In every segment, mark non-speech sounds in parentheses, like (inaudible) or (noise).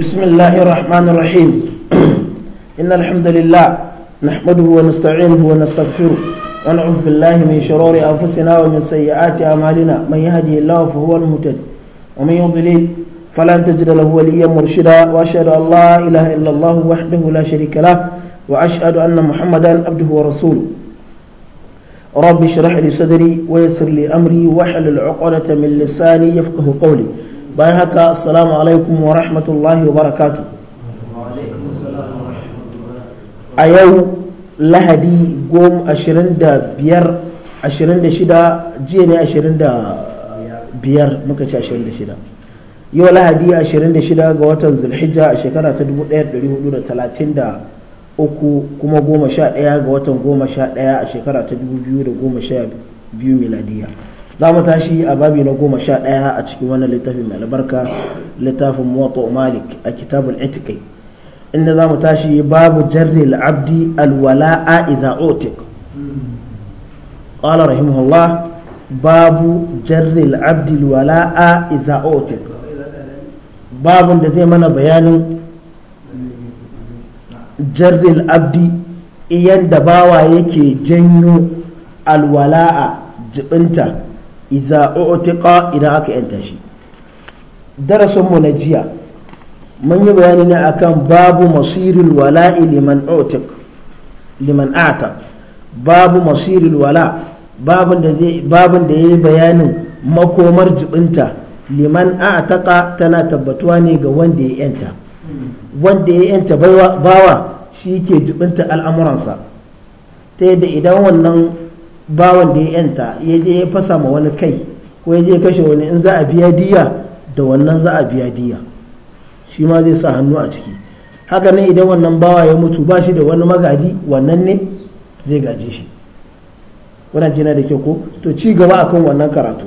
بسم الله الرحمن الرحيم (clears throat) إن الحمد لله نحمده ونستعينه ونستغفره ونعوذ بالله من شرور أنفسنا ومن سيئات أعمالنا من يهدي الله فهو المهتد ومن يضلل فلن تجد له وليا مرشدا وأشهد أن لا إله إلا الله وحده لا شريك له وأشهد أن محمدا عبده ورسوله رب اشرح لي صدري ويسر لي أمري واحلل عقدة من لساني يفقه قولي bayan haka assalamu alaikum wa rahmatullahi wa barakatu a yau lahadi 25-26 jiya ne 25 muka ce 26 yau lahadi 26 ga watan zulhijja a shekara ta 1433 kuma 11 ga watan 11 a shekara ta 2012 miladiya za mu tashi a babi na goma sha ɗaya a cikin wannan littafin mai albarka littafin muwatta malik a kitabul itikai inda za mu tashi babu jarri al'abdi alwala'a idha utik rahimahullah babu jarri al'abdi a iza otik babun da zai mana bayanin jarri al'abdi iyan da bawa yake janyo a jibinta Iza otika idan aka yanta shi darasin mu na jiya mun yi bayani ne akan babu masirul wala liman otik liman ata babu masirul wala babin da ya yi bayanin makomar jibinta liman ataka tana tabbatuwa ne ga wanda ya yanta wanda ya yanta bawa shi ke jibinta al'amuransa ta yadda idan wannan bawan da ya yanta ya je ya fasa ma wani kai ko ya je ya kashe wani in za a biya diya da wannan za a biya diya shi ma zai sa hannu a ciki haka nan idan wannan bawa ya mutu ba shi da wani magadi wannan ne zai gaje shi wannan jina da kyau ko to ci gaba akan wannan karatu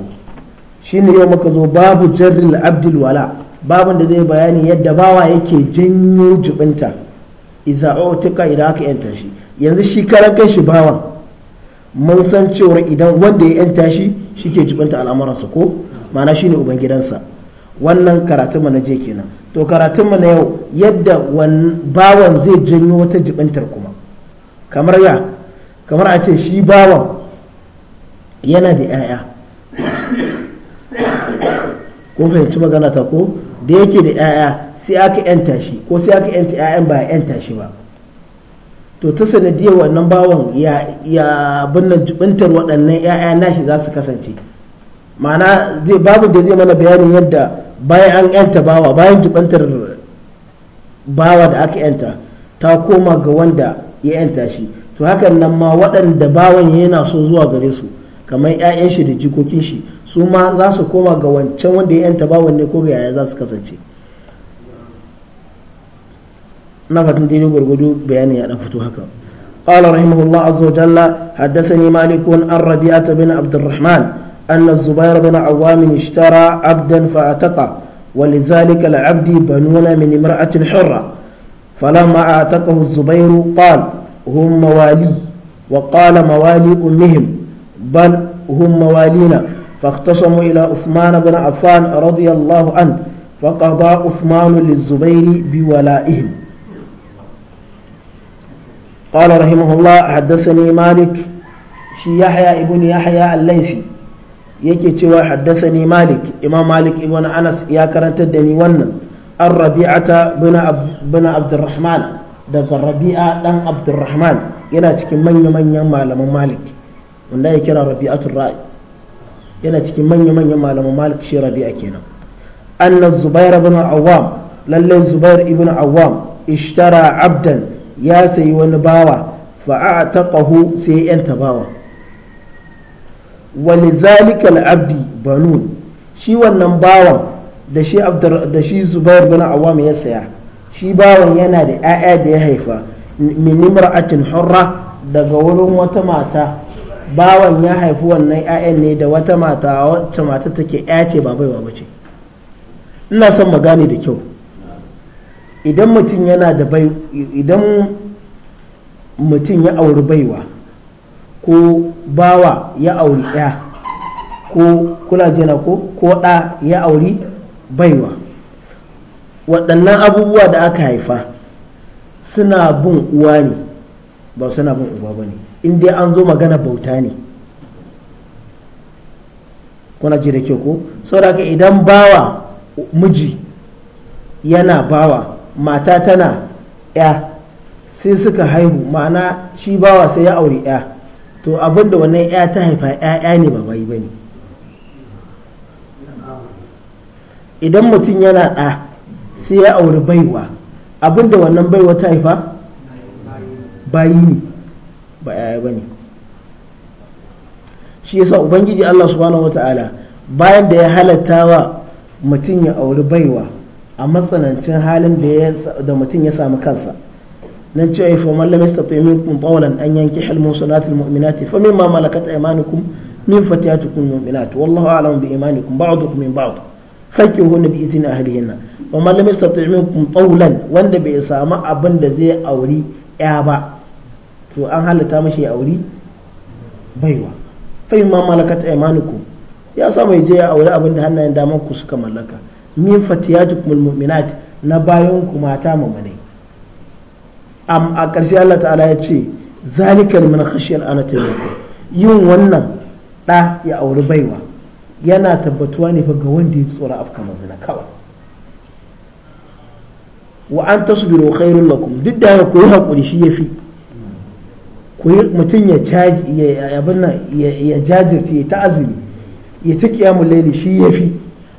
shine yau muka zo babu jarril abdulwala wala babin da zai bayani yadda bawa yake janyo jubinta idza utika idan aka yanta shi yanzu shi karan kai shi bawan mun san cewar idan wanda ya yanta shi shike jibanta al'amuransa ko ma'ana shine uban gidansa wannan karatunmu na je kenan to karatunmu na yau yadda bawan zai janyo wata jibantar kuma kamar ya kamar a ce shi bawan yana da 'ya'ya ko fahimci magana ta ko da yake da 'ya'ya sai aka yanta shi ko sai aka yanta 'ya'yan ba ya yanta shi ba to ta sanadiyar wannan bawan ya binnan jubintar waɗannan 'ya'ya nashi za su kasance ma'ana babu da zai mana bayanin yadda bayan an yanta bawa bayan jibintar bawa da aka yanta ta koma ga wanda ya yanta shi to hakan nan ma waɗanda bawan yana so zuwa gare su kamar 'ya'yan shi da jikokin shi su ma za su koma ga wancan wanda ya yanta bawan ne ko ga yaya za su kasance na fatan daidai gwargwado bayani ya dan قال رحمه الله عز وجل حدثني مالك عن ربيعة بن عبد الرحمن أن الزبير بن عوام اشترى عبدا فأعتقه ولذلك العبد بنون من امرأة حرة فلما أعتقه الزبير قال هم موالي وقال موالي أمهم بل هم موالينا فاختصموا إلى عثمان بن عفان رضي الله عنه فقضى عثمان للزبير بولائهم قال رحمه الله حدثني مالك شي يحيى ابن يحيى الليثي yake cewa ni malik imam malik ibn anas ya karantar da ni wannan an rabi'ata bin abdurrahman daga rabi'a dan abdurrahman yana cikin manya-manyan malaman malik wanda ya kira rabi'atul ra'i yana cikin manya-manyan malaman malik shi rabi'a kenan anna zubair ibn awwam lalle zubair ibn awam ishtara abdan ya sayi wani bawa ƙahu sai yanta bawa Wani zalikal abdi banun shi wannan bawan da shi da shi Zubair bin awam ya saya shi bawan yana da 'ya'ya da ya haifa min imra'atin hurra daga wurin wata mata bawan ya haifi wannan 'ya'yan ne da wata mata wacce mata take 'ya ce ba bace ina son magani da kyau idan mutum yana da bai idan mutum ya auri baiwa ko bawa ya auri ɗaya ko kula ko ko ɗa ya auri baiwa waɗannan abubuwa da aka haifa suna bin uwa ne ba suna bin uba ba ne in dai an zo magana bauta ne kuna ji da ke ko saboda idan bawa miji yana bawa mata tana ya sai suka haihu ma'ana shi bawa sai ya aure ya to abinda wannan ya ta haifa ya ne ba bai ba ne idan mutum yana ɗa sai ya auri baiwa abinda wannan baiwa ta haifa bayi ne ba ya ba ne shi yasa ubangiji allah subhanahu wa ta'ala bayan da ya halatta wa mutum ya auri baiwa a matsanancin halin da mutum ya samu kansa nan cewa fa man lam yastati minkum tawlan an yanki hal musulatil mu'minati fa mimma malakat aymanukum min fatiyatukum mu'minat wallahu a'lamu bi imanikum ba'dukum min ba'd fakihu bi idni ahlihinna wa man lam yastati minkum tawlan wanda bai samu abin da zai auri ya ba to an halatta mashi ya auri baiwa fa mimma malakat aymanukum ya samu je ya auri abin da hannayen daman ku suka mallaka min fatiyajikumul mu'minat na bayan ku mata bane am a ƙarshe Allah ta'ala ya ce zalika min khashiyar ana taimako yin wannan ɗa ya auri baiwa yana tabbatuwa ne fa ga wanda ya tsora afka mazina kawai wa an tasbiru khairul lakum duk da ku yi hakuri shi yafi ku yi mutum ya caji ya abin ya jajirce ya ta azumi ya ta kiyamul laili shi yafi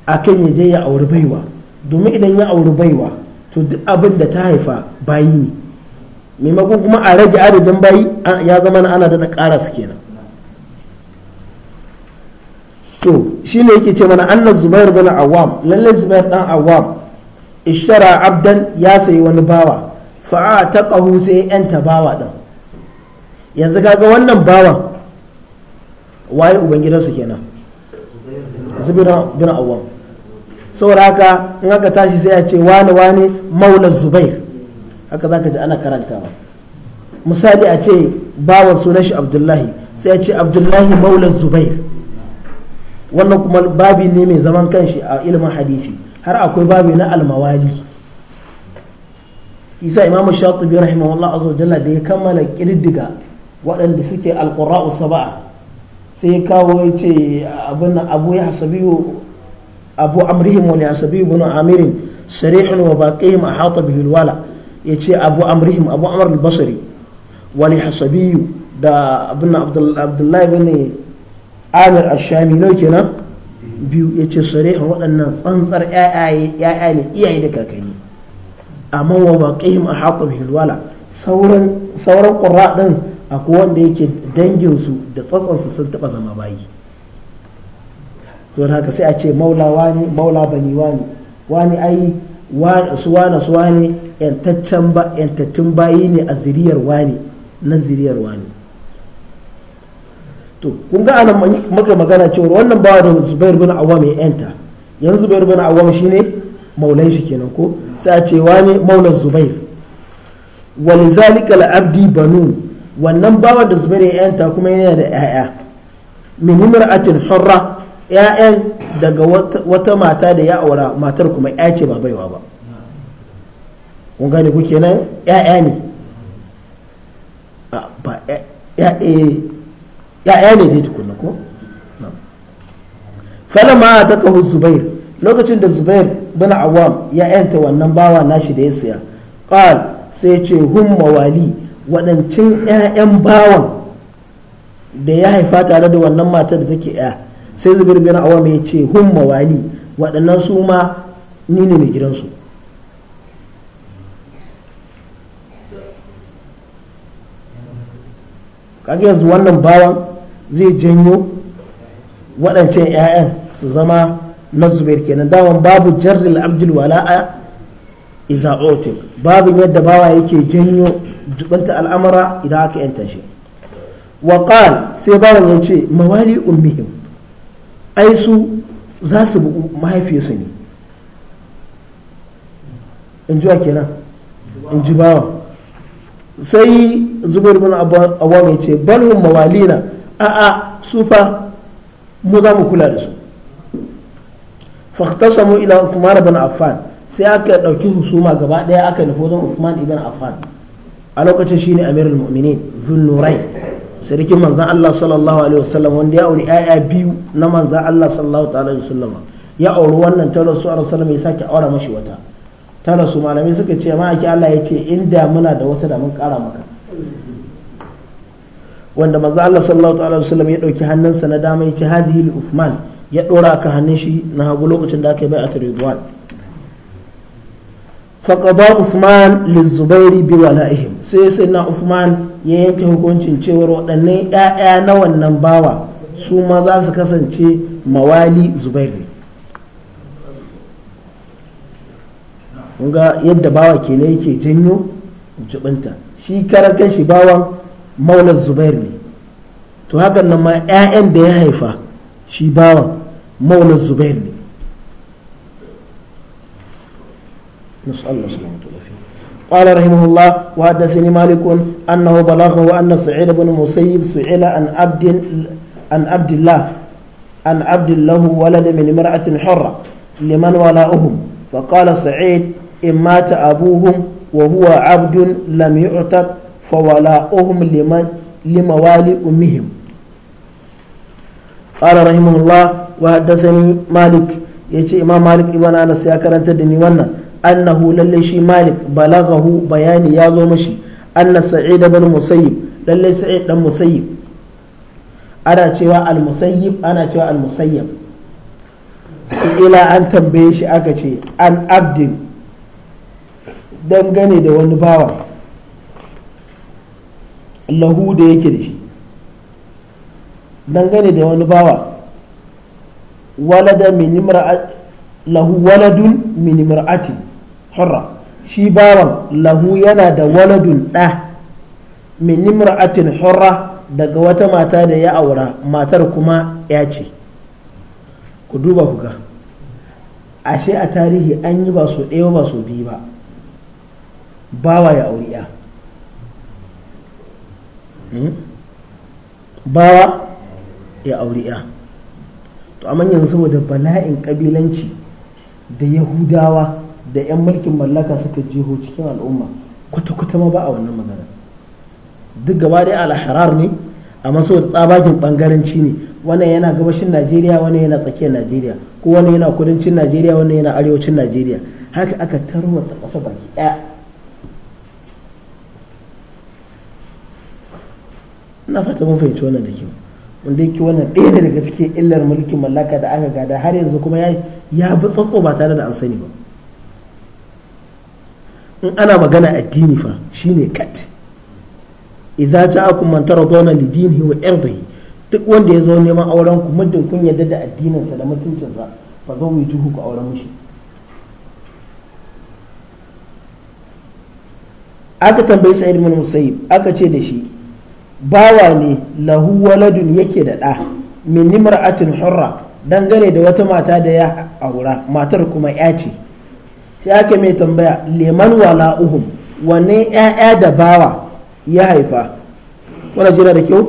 A kan ya je ya auri baiwa domin idan ya auri baiwa to duk abin da ta haifa bayi ne maimakon kuma a rage adadin bayi ya zama na ana daɗa ƙara su kenan to shi ne yake ce mana annan zubair bin awam lallai zubair dan awam ishara abdan ya sayi wani bawa fa'a ta ƙahu sai yanta bawa ɗin yanzu kaga wannan bawan waye ubangidansu kenan zubiran bin awam saboda haka in aka tashi sai a ce wani wani maula zubair haka zaka ji ana karantawa misali a ce bawan sunan shi abdullahi sai a ce abdullahi maula zubair wannan kuma babi ne mai zaman kanshi a ilimin hadisi har akwai babi na almawali isa imam shatibi rahimahullah azza jalla da ya kammala kididdiga waɗanda suke alqura'u saba'a sai kawo ya ce abin abu ya hasabiyu abu amrihim wani hasabiyu bin amirin sarihun wa baqihim ahata bihi alwala yace abu amrihim abu amr basari wani hasabiyu da abin abdullahi bin amir ashami nau kenan biyu yace sarihun waɗannan tsantsar yaya ne iyaye da kakanni amma wa baqihim ma bihi alwala wala sauran qurra din akwai wanda yake danginsu da su sun taba zama bayi so haka sai a ce maula wani maula bani wani wani ai su wane su ba yantattun bayi ne a ziriyar wani na ziriyar wani to kun ga anan maka magana cewa wannan bawa da zubair bin awam ya yanta yanzu zubair bin awam shine maulai shi kenan ko sai a ce wani maulan zubair walizalika al-abdi banu wannan bawan da zubairu ya yanta kuma yana da 'ya'ya min imra'atin hurra 'ya'yan daga wata mata da ya aura matar kuma 'ya ce ba baiwa ba kun gane ku kenan 'ya'ya ne ba eh, 'ya'ya ne dai tukunna ko ma ta kahu zubair lokacin da zubair bin awam ya yanta wannan bawa nashi da ya siya qal sai ce hum mawali waɗancin 'ya'yan bawan da ya haifa tare da wannan matar da take 'ya sai zubir bin awam ya ce hun mawali waɗannan su ma ni ne mai gidansu kaga yanzu wannan bawan zai janyo waɗancan 'ya'yan su zama na zubair kenan daman babu jarril abdul a iza utik babu yadda bawa yake janyo jubanta al'amara idan aka yanta shi wa sai bawan ya ce mawali ummihim ai su za su bugu mahaifiyarsu ne in ji wa kenan in ji bawan sai zubar bin awam ya ce balhum mawalina a'a su fa mu za mu kula da su samu ila Usman bin Affan sai aka ɗauki husuma gaba ɗaya aka nufi wajen Usman ibn Affan a lokacin shi ne amirul mu'minin zunnurai sarkin manzan Allah sallallahu alaihi wasallam wanda ya auri ƴaƴa biyu na manzan Allah sallallahu alaihi wasallam ya auri wannan ta rasu a rasulullah ya sake aura mashi wata ta rasu malamai suka ce ma ake Allah ya ce inda muna da wata da mun kara maka wanda manzan Allah sallallahu alaihi wasallam ya dauki hannunsa na dama ya ce hazihi Uthman ya dora ka hannun shi na hagu lokacin da aka yi bai a Ridwan فقضى عثمان للزبير بولائهم sai sai na Uthman ya yanke hukuncin cewar waɗannan ‘ya'ya na wannan bawa su ma za su kasance mawali zubairu ga yadda bawa kenan yake janyo jubinta shi karar shi bawan maular zubair ne to hakan nan ma 'ya'yan da ya haifa shi bawan maular zubair ne قال رحمه الله وحدثني مالك أنه بلغه أن سعيد بن مسيب سئل عن عبد عن عبد الله عن عبد له ولد من امرأة حرة لمن ولاؤهم فقال سعيد إن مات أبوهم وهو عبد لم يعتق فولاؤهم لمن لموالي أمهم قال رحمه الله وحدثني مالك يجي إمام مالك ابن أنس يا كرنت دني ونه annahu lalle shi malik balagahu bayani ya zo mashi anna sa'id ibn musayyib lalle sa'id dan musayyib ana cewa al musayyib ana cewa al musayyib ila an tambaye shi aka ce an abdin dangane da wani bawa lahu da yake da shi dangane da wani bawa walada min lahu waladun min imra'atin hurra shi bawan lahu yana da waladun ɗa min nimra'atin hurra daga wata mata da ya aura matar kuma ya ce ku ashe a tarihi an yi ba so ɗaya ba so biyu ba ya auri ya bawa ya auri to amma yanzu saboda bala'in ƙabilanci da yahudawa da 'yan mulkin mallaka suka jiho cikin al'umma kwata-kwata ma ba a wannan magana duk gaba dai al-harar ne amma saboda tsabagen bangaranci ne wannan yana gabashin najeriya wani yana tsakiyar najeriya ko wani yana kudancin najeriya wani yana arewacin najeriya haka aka tarwatsa ƙasa baki ɗaya na fata mun fahimci wannan da kyau wanda yake wannan ɗaya ne daga cikin illar mulkin mallaka da aka gada har yanzu kuma ya bi tsatso ba tare da an sani ba in ana magana addini fa shine kat idza ja'akum man taradawna li dinihi wa irdihi duk wanda ya zo neman auren ku muddin kun yarda da addininsa da mutuncinsa fa zo mu tuhu ku auren mushi aka tambayi sa'id bin musayyib aka ce da shi bawa ne lahu waladun yake da ɗa min nimra'atin hurra dangane da wata mata da ya aura matar kuma ya ce sai ake mai tambaya leman wala uhum wanne ƴaƴa da bawa ya haifa wani jira da kyau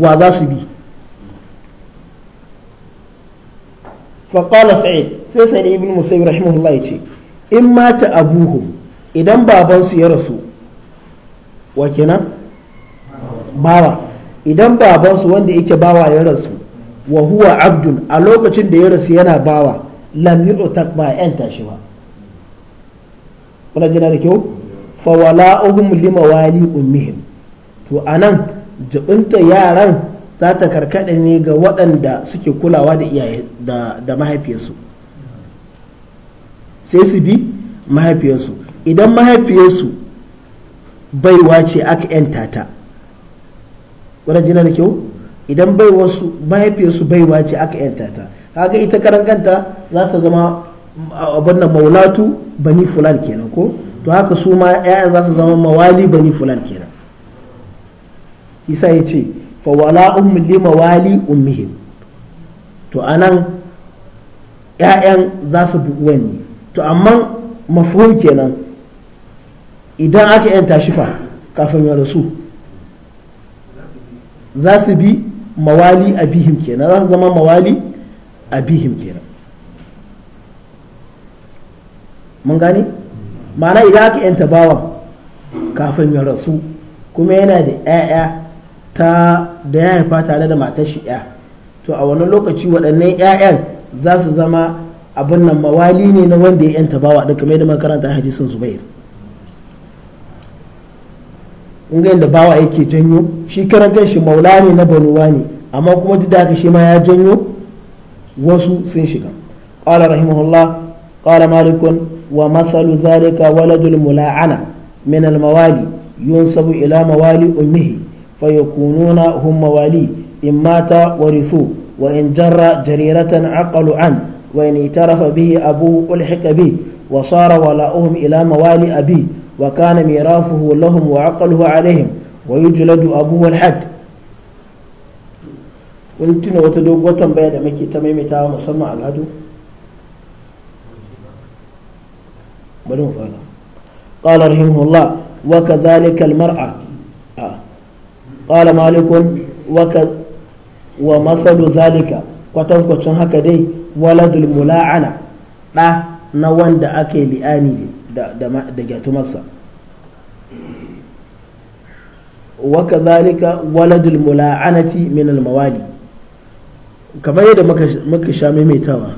wa za su bi faƙala sa'id sai sa'id ibn musayyib rahimahullah ya ce in mata abuhum idan babansu ya rasu wa kenan bawa idan babansu wanda yake bawa ya rasu wa huwa abdun a lokacin da ya rasu yana bawa lam yu'taq ba 'yan tashi ba kuna jina da kyau fa wala'uhum wali ummihim to anan jibinta yaran za ta karkada ne ga waɗanda suke kulawa da iyaye da mahaifiyarsu sai su bi mahaifiyarsu idan mahaifiyarsu baiwa ce aka yanta ta kuna jina da kyau idan mahaifiyarsu baiwa ce aka yanta ta kaga ita karan kanta za ta zama abin da maulatu bani fulan kenan ko to haka su ma 'ya'yan za su zama mawali bani fulan kenan isa ya ce fa wala ummin li mawali ummihim to anan 'ya'yan za su bi uwan to amma mafhum kenan idan aka yanta shi fa kafin ya rasu za su bi mawali abihim kenan za su zama mawali abihim kenan mun gane ma'ana idan aka yanta bawan kafin ya rasu kuma yana da 'ya'ya ta da ya haifa tare da matar shi 'ya to a wani lokaci waɗannan 'ya'yan za su zama abin nan mawali ne na wanda ya yanta bawa da kamar da makaranta hadisin zubair in ga bawa yake janyo shi karantar shi maula ne na banuwa ne amma kuma duk da haka shi ma ya janyo wasu sun shiga qala rahimahullah قال مالك ومثل ذلك ولد الملاعنة من الموالي ينسب إلى موالي أمه فيكونون هم موالي إن مات ورثوه وإن جر جريرة عقلوا عنه وإن اعترف به أبوه ألحق به وصار ولاؤهم إلى موالي أبيه وكان ميراثه لهم وعقله عليهم ويجلد أبوه الحد wani tuna wata doguwar tambaya da muke ta bari mu fara qala rahimahullah wa kadhalika almar'a ah. qala malikun wa wa mathalu zalika kwatankwacin haka dai waladul mula'ana da na wanda ake li'ani da gyatumarsa wa kadhalika waladul mula'anati min almawali kamar yadda muka sha maimaitawa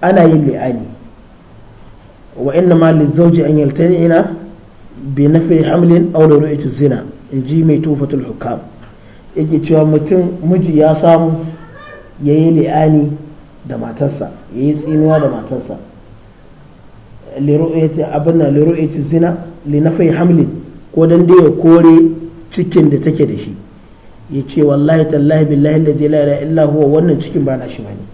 ana yin li'ani wa inna ma lizauji an yaltani ina bi nafi hamlin aw ru'yat zina inji mai tufatul hukam mutum miji ya samu yayi li'ani da matarsa yayi tsinuwa da matarsa liru'yati abinna liru'yati zina li nafi hamlin ko dan kore cikin da take da shi ya ce wallahi tallahi billahi alladhi la ilaha illa huwa wannan cikin ba na shi bane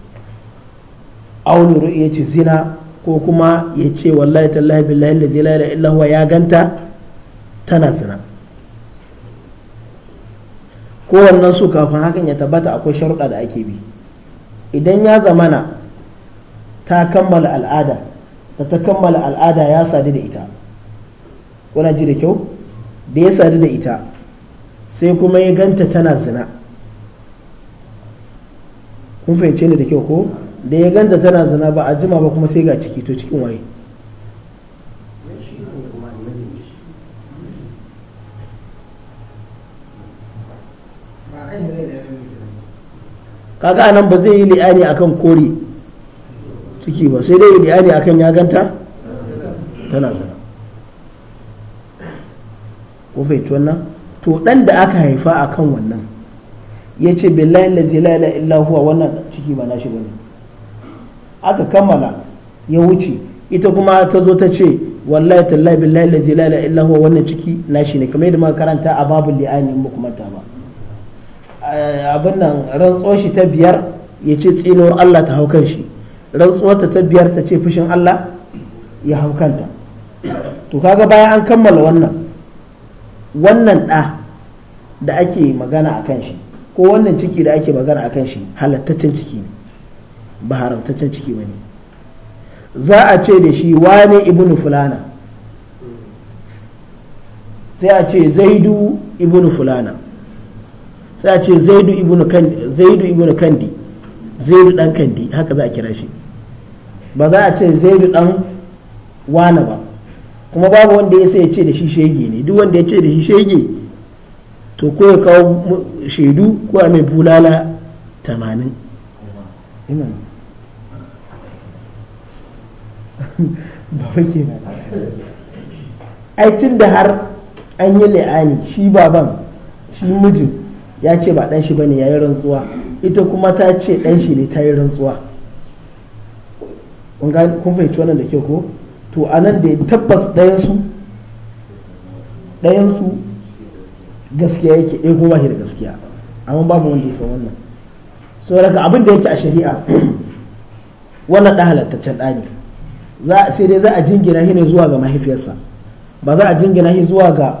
aw liru'yati zina ko kuma ya ce wallahi tallahi billahi alladhi la illa huwa ya ganta tana zina kowannen su kafin hakan ya tabbata akwai sharuɗa da ake bi idan ya zamana ta kammala al'ada da ta kammala al'ada ya sadu da ita kuna ji da kyau da ya sadu da ita sai kuma ya ganta tana zina kun fahimce ni da kyau ko da ya ganta tana zina ba a jima ba kuma sai ga ciki to cikin waye kaga nan ba zai yi li'ani akan kore ciki ba sai dai yi a akan ya ganta tana zina ko fahimci wannan to dan da aka haifa akan wannan ya ce billahi la ilaha illa huwa wannan ciki ba na shi bane aka kammala ya wuce ita kuma ta zo ta ce wallahi tallahi billahi la ilaha illa huwa wannan ciki nashi ne kamar yadda muka karanta a babul li'ani in muku manta ba eh, abin nan rantsuwar shi ta biyar ya ce tsinuwar Allah ta haukan shi rantsuwar ta biyar ta ce fushin Allah ya haukanta to kaga bayan an kammala wannan wannan ɗa da ake magana akan shi ko wannan ciki da ake magana akan shi halattaccen ciki ne ba haramtaccen ciki ba ne za a ce da shi wane ibnu fulana sai a ce zaidu ibnu fulana sai a ce ibnu kandi zaidu ibnu kandi dan kandi haka za a kira shi ba za a ce zaidu dan wana ba kuma babu wanda ya sai ya ce da shi shege ne duk wanda ya ce da shi shege to ko ya kawo shaidu ko a mai bulala tamanin. (laughs) baba nan ai tun da har an yi la'ani shi baban shi mijin ya ce ba dan shi ya yi rantsuwa ita kuma ta ce dan shi ne ta yi rantsuwa kun fahimci wannan da ke ko to nan da tabbas ɗayan su gaskiya yake ɗaya eh, kuma shi da gaskiya amma babu wanda ya san wannan so daga abin da yake a shari'a (clears throat) wannan ɗan halattaccen ɗani sai dai za a jingina shi ne zuwa ga mahaifiyarsa ba za a jingina shi zuwa ga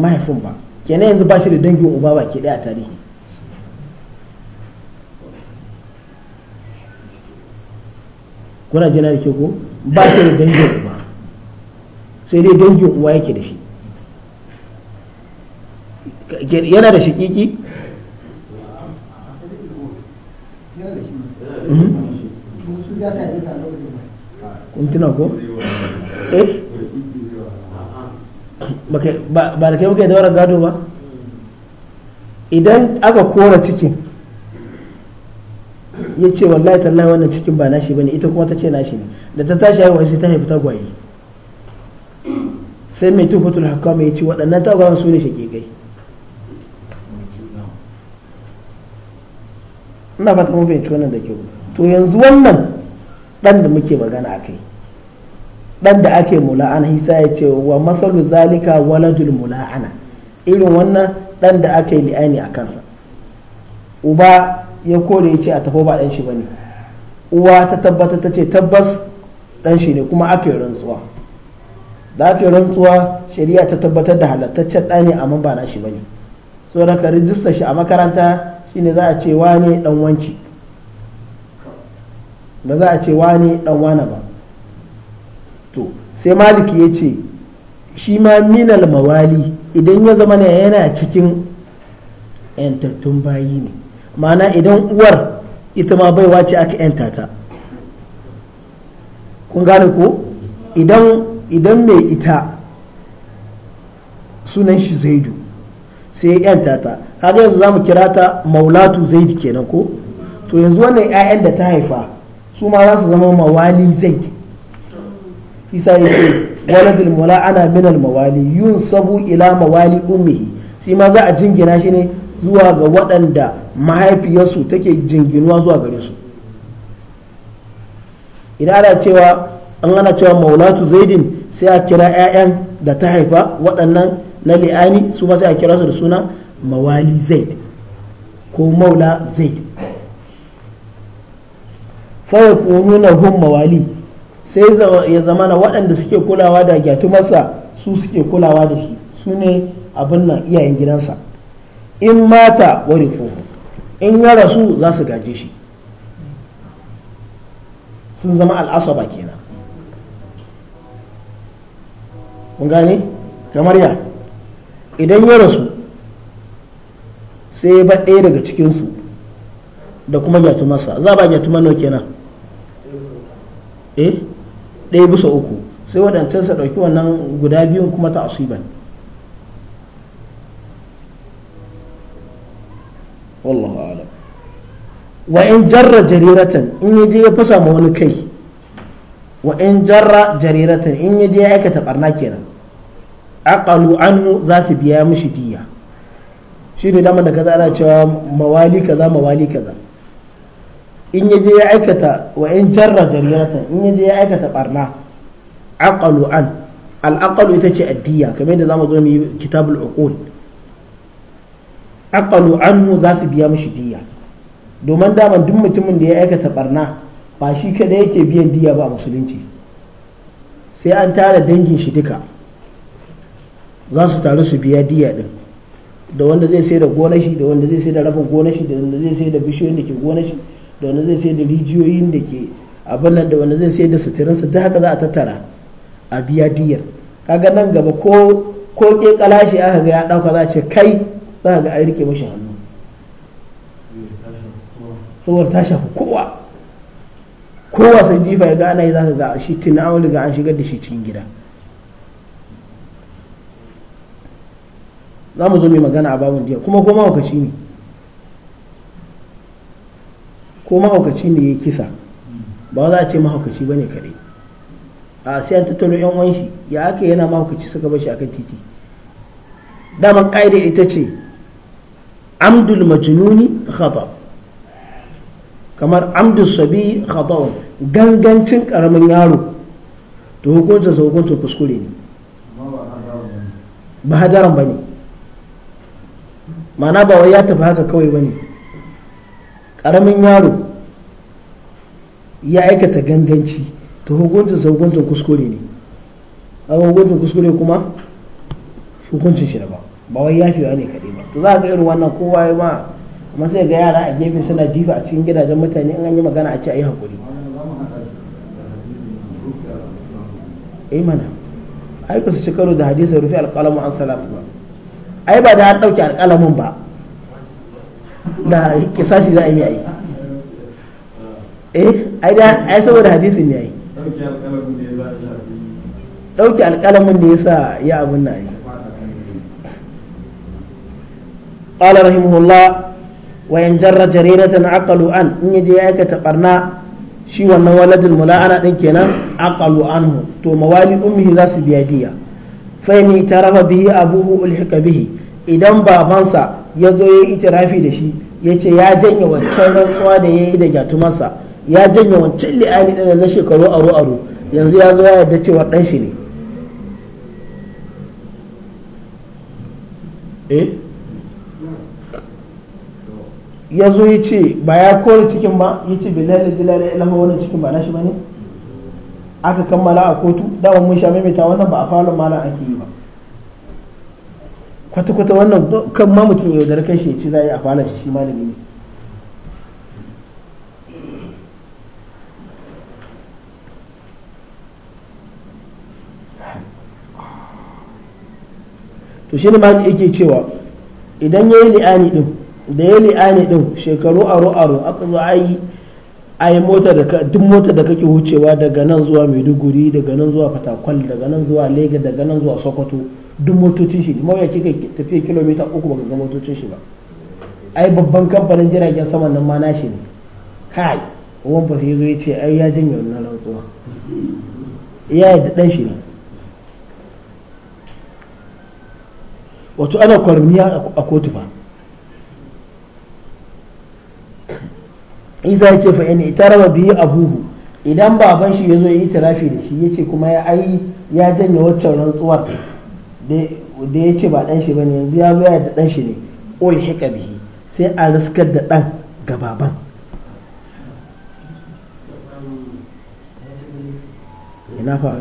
mahaifin ba kenan yanzu ba shi da dangin uba ba ke daya tarihi kuna jina da ke ko ba shi da dangin uba sai dai dangin uba yake da shi yana da shakiki Mm-hmm. intina ko eh ba da kai muke da daura gado ba idan aka kora cikin ya ce wallahi tallahi wannan cikin ba nashi bane ita kuma ta ce nashi ne da ta tashi haihuwa sai ta haifi tagwaye sai mai tufatul hakama ya ce waɗannan tagwayen su ne shakikai ina fata mun fahimci wannan da kyau to yanzu wannan dan da muke magana a kai dan da ake mula'ana hisa ya ce wa masalu zalika waladul mula'ana irin wannan dan da ake yi li'ani a kansa uba ya kore ya ce a tafi ba dan shi bane uwa ta tabbatar ta ce tabbas dan shi ne kuma ake rantsuwa da ake rantsuwa shari'a ta tabbatar da halattaccen ɗa ne amma ba na shi bane so da ka rijista shi a makaranta shine za a ce wane dan wanci ba za a ce wani dan wane ba to sai maliki ya ce shi ma minal mawali idan ya zama yana cikin yantattun bayi ne ma'ana idan uwar ita ma baiwa ce aka yanta ta kun gane ko idan idan mai ita sunan shi zaidu sai yanta ta kaga yanzu za mu kira ta maulatu zaidu kenan ko to yanzu wannan 'ya'yan da ta haifa su ma za su zama mawali zaid isa ya ce waladul mula'ana ana minal mawali sabu ila mawali ummihi shi ma za a jingina shi ne zuwa ga waɗanda mahaifiyarsu take jinginuwa zuwa gare su idan ana cewa an ana cewa maulatu zaidin sai a kira 'ya'yan da ta haifa waɗannan na li'ani su ma sai a kira su da suna mawali zaid ko maula zaid faya na mawali sai ya zama na waɗanda suke kulawa da gyatumarsa su suke kulawa da shi su ne abin nan iyayen gidansa in mata warifu in ya rasu za su gaje shi sun zama al'asaba kenan kun gane kamar ya idan ya rasu sai ya ba ɗaya daga cikinsu da kuma gyatumarsa za ba gyatumar nau kenan eh ɗaya bisa uku sai waɗancan sa ɗauki wannan guda biyun kuma ta asiban wallahu alam wa in jarra jariratan in ya je ya fasa ma wani kai wa in jarra jariratan in ya je ya aikata barna kenan aqalu annu za su biya mishi diya shi ne damar da kaza ana cewa mawali kaza mawali kaza in ya je ya aikata wa in jarra jarirata, in ya je ya aikata barna aqalu an al ita ce addiya kamar yadda zamu zo mu yi kitabul uqul aqalu anhu za su biya mishi diya domin daman duk mutumin da ya aikata barna ba shi kada yake biyan diya ba a musulunci sai an tara dangin shi duka za su taru su biya diya din da wanda zai sai da gonashi da wanda zai sai da rabin gonashi da wanda zai sai da bishiyoyin da ke gonashi shi da wani zai sai da rijiyoyin da ke abin nan da wani zai sai da suturinsa ta haka za a tattara a biya diyar kaga nan gaba ko ko ke kalashi aka ga ya dauka za a ce kai za a ga an rike mashi hannu saboda ta shafi kowa kowa sai jifa ya gana yi za ka ga shi tuna an riga an shigar da shi cikin gida za mu zo mai magana a babin diya kuma ko mahaukaci ne ko mahaukaci ne ya kisa ba za a ce mahaukaci ba ne kaɗai a sai an tattalo yan uwan shi ya aka yana mahaukaci suka bashi akan titi daman ƙa'idar ita ce amdul majnuni khata kamar amdul sabi khata gangancin karamin yaro to hukuncin sa hukuncin kuskure ne ba hadaran ba ne ma'ana ba wai ya tafi haka kawai ba ne ƙaramin yaro ya aikata ganganci to hukuncinsa hukuncin kuskure ne a hukuncin kuskure kuma hukuncin shi ba ba wai yafewa ne kaɗai ba to za ga irin wannan kowa ya ma amma sai ga yara a gefe suna jifa a cikin gidajen mutane in an yi magana a ce a yi haƙuri ai eh mana ai ba su ci karo da hadisin rufe alƙalamin an salatu ba ai ba da an ɗauke alƙalamin ba da kisasi za a yi yi eh ai da ai saboda hadisin ne ai dauki alƙalamin da yasa ya abun na yi wa رحمه jarra jariratan aqalu an in yaje ya aikata barna shi wannan waladin mula'ana din kenan aqalu anhu to mawali ummihi za su biya diya fa ni tarafa bihi abuhu ulhika bihi idan babansa ya zo ya yi itirafi da shi ya ce ya janye wancan rantsuwa da ya yi da gyatumarsa ya janye wancan li'ani ɗin na shekaru aro aro yanzu ya zo ya yarda cewa ɗan shi ne eh? ya zo ya ce ba ya kore cikin ba ya ce da dilal ilaha wani cikin ba na shi ba ne aka kammala a kotu dama mun sha maimaita wannan ba a falon malam ake yi ba kwata-kwata wannan kan ma mutum yau da kai shi ci za a yi a kwana shi shi malami ne to shi ne malami yake cewa idan ya yi li'ani din da ya yi li'ani din shekaru aro aro aka zo a yi a yi mota da duk mota da kake wucewa daga nan zuwa maiduguri daga nan zuwa fatakwal daga nan zuwa lega daga nan zuwa sokoto duk motocin shi mawuya kika tafiya kilomita uku baka ga motocin shi ba ai babban kamfanin jiragen saman nan ma nashi ne kai wan fasi sai zo ya ce ai ya janye wannan rantsuwa ya da dan shi ne wato ana kwarmiya a kotu ba isa ya ce fa ita raba biyu abuhu idan baban shi ya zo ya yi tarafi da shi ya ce kuma ya ai ya janye waccan rantsuwar da ya ce ba dan shi bane yanzu ya zo ya da dan shi ne ya hika bihi sai a riskar da dan gababan ina fa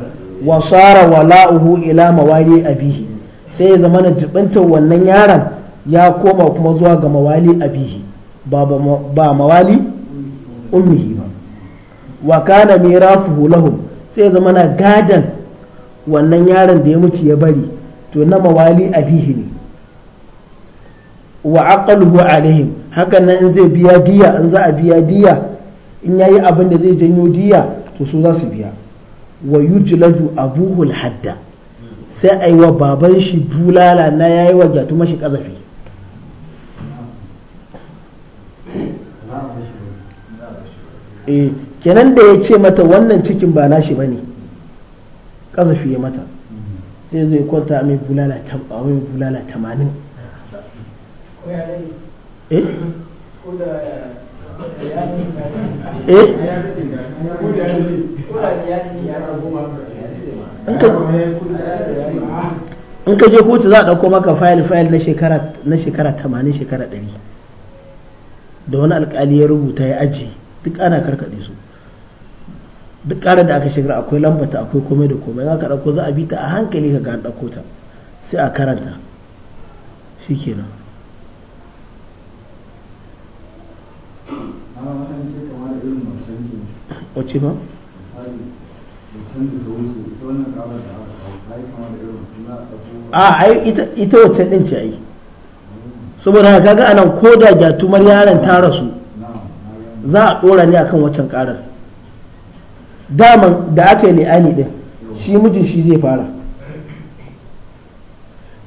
wa sara wala'uhu ila mawali abihi sai ya zama na jibinta wannan yaron ya koma kuma zuwa ga mawali abihi ba mawali ummihi ba wa kana mirafuhu lahum sai ya zama na gadan wannan yaron da ya mutu ya bari to na mawali a bihi ne wa aqaluhu alaihim hakan nan in zai biya diya in za a biya diya in yayi abin da zai janyo diya to su za su biya wa yujladu abuhu hadda sai a yi wa baban shi bulala na yayi wa gyatu mashi kazafi eh, kenan da ya ce mata wannan cikin ba nashi bane kazafi ya mata sai zai kwanta a mai bulala tamanin eh, eh? in ka je kotu za a ɗauko maka fayil fayil na shekara tamanin shekara ɗari da wani alkali ya rubuta ya aji duk ana karkaɗe su duk ƙarar da aka shigar akwai lambata akwai komai da komai za ka ɗauko za a bi ta a hankali ka ga ɗauko ta sai a karanta shi kenan nan. ba? a ai ita wacce ɗin ce ai saboda haka ga anan ko da gyatumar yaron ta rasu za a ɗora ne akan waccan ƙarar daman da aka yi li'ani din shi mijin shi zai fara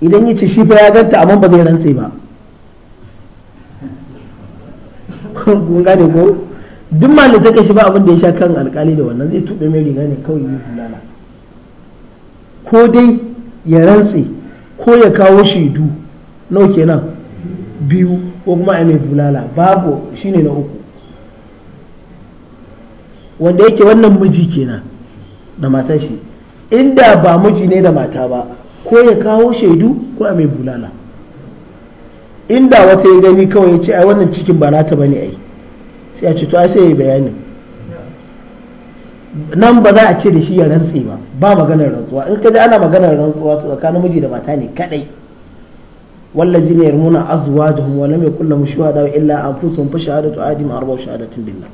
idan yi ce shi fa ya ganta amma ba zai rantse ba kun gane ko duk da ta kashi ba abin da ya sha kan alkali da wannan zai tuɓe mai riga ne kawai yi hulala ko dai ya rantse ko ya kawo shaidu nawa kenan biyu ko kuma a mai bulala babu shine na uku wanda yake wannan miji kenan da mata shi inda ba miji ne da mata ba ko ya kawo shaidu ko a mai bulala inda wata ya gani kawai ya ce ai wannan cikin ba nata bane ai sai a ce to sai ya bayani nan ba za a ce da shi ya rantse ba ba maganar rantsuwa in ka ji ana maganar rantsuwa to tsakanin miji da mata ne kadai wallazi ne yarmuna azwajuhum wa lam yakul lahum shuhada illa anfusuhum fa shahadatu adim arba shahadatin billah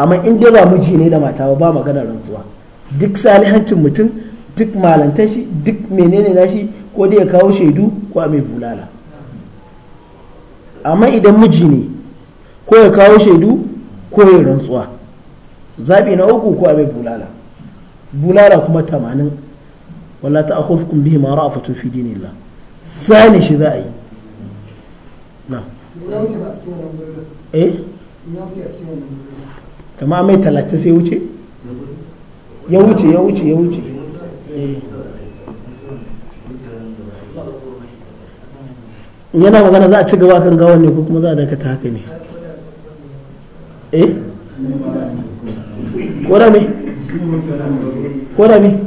amma in dai ba miji ne da mata ba magana rantsuwa duk salihancin mutum duk malantar shi duk menene shi ko dai ya kawo shaidu ko mai bulala amma idan miji ne ko ya kawo shaidu ko ya rantsuwa zaɓi na uku ko mai bulala bulala kuma tamanin wala ta akhufkum bihi ma ra'afatu fi dinillah sani shi za a yi na eh kama mai talatin sai wuce ya wuce ya wuce ya wuce yana magana za a ci gaba kan gawan ne ko kuma za a ta haka ne eh koda ne koda ne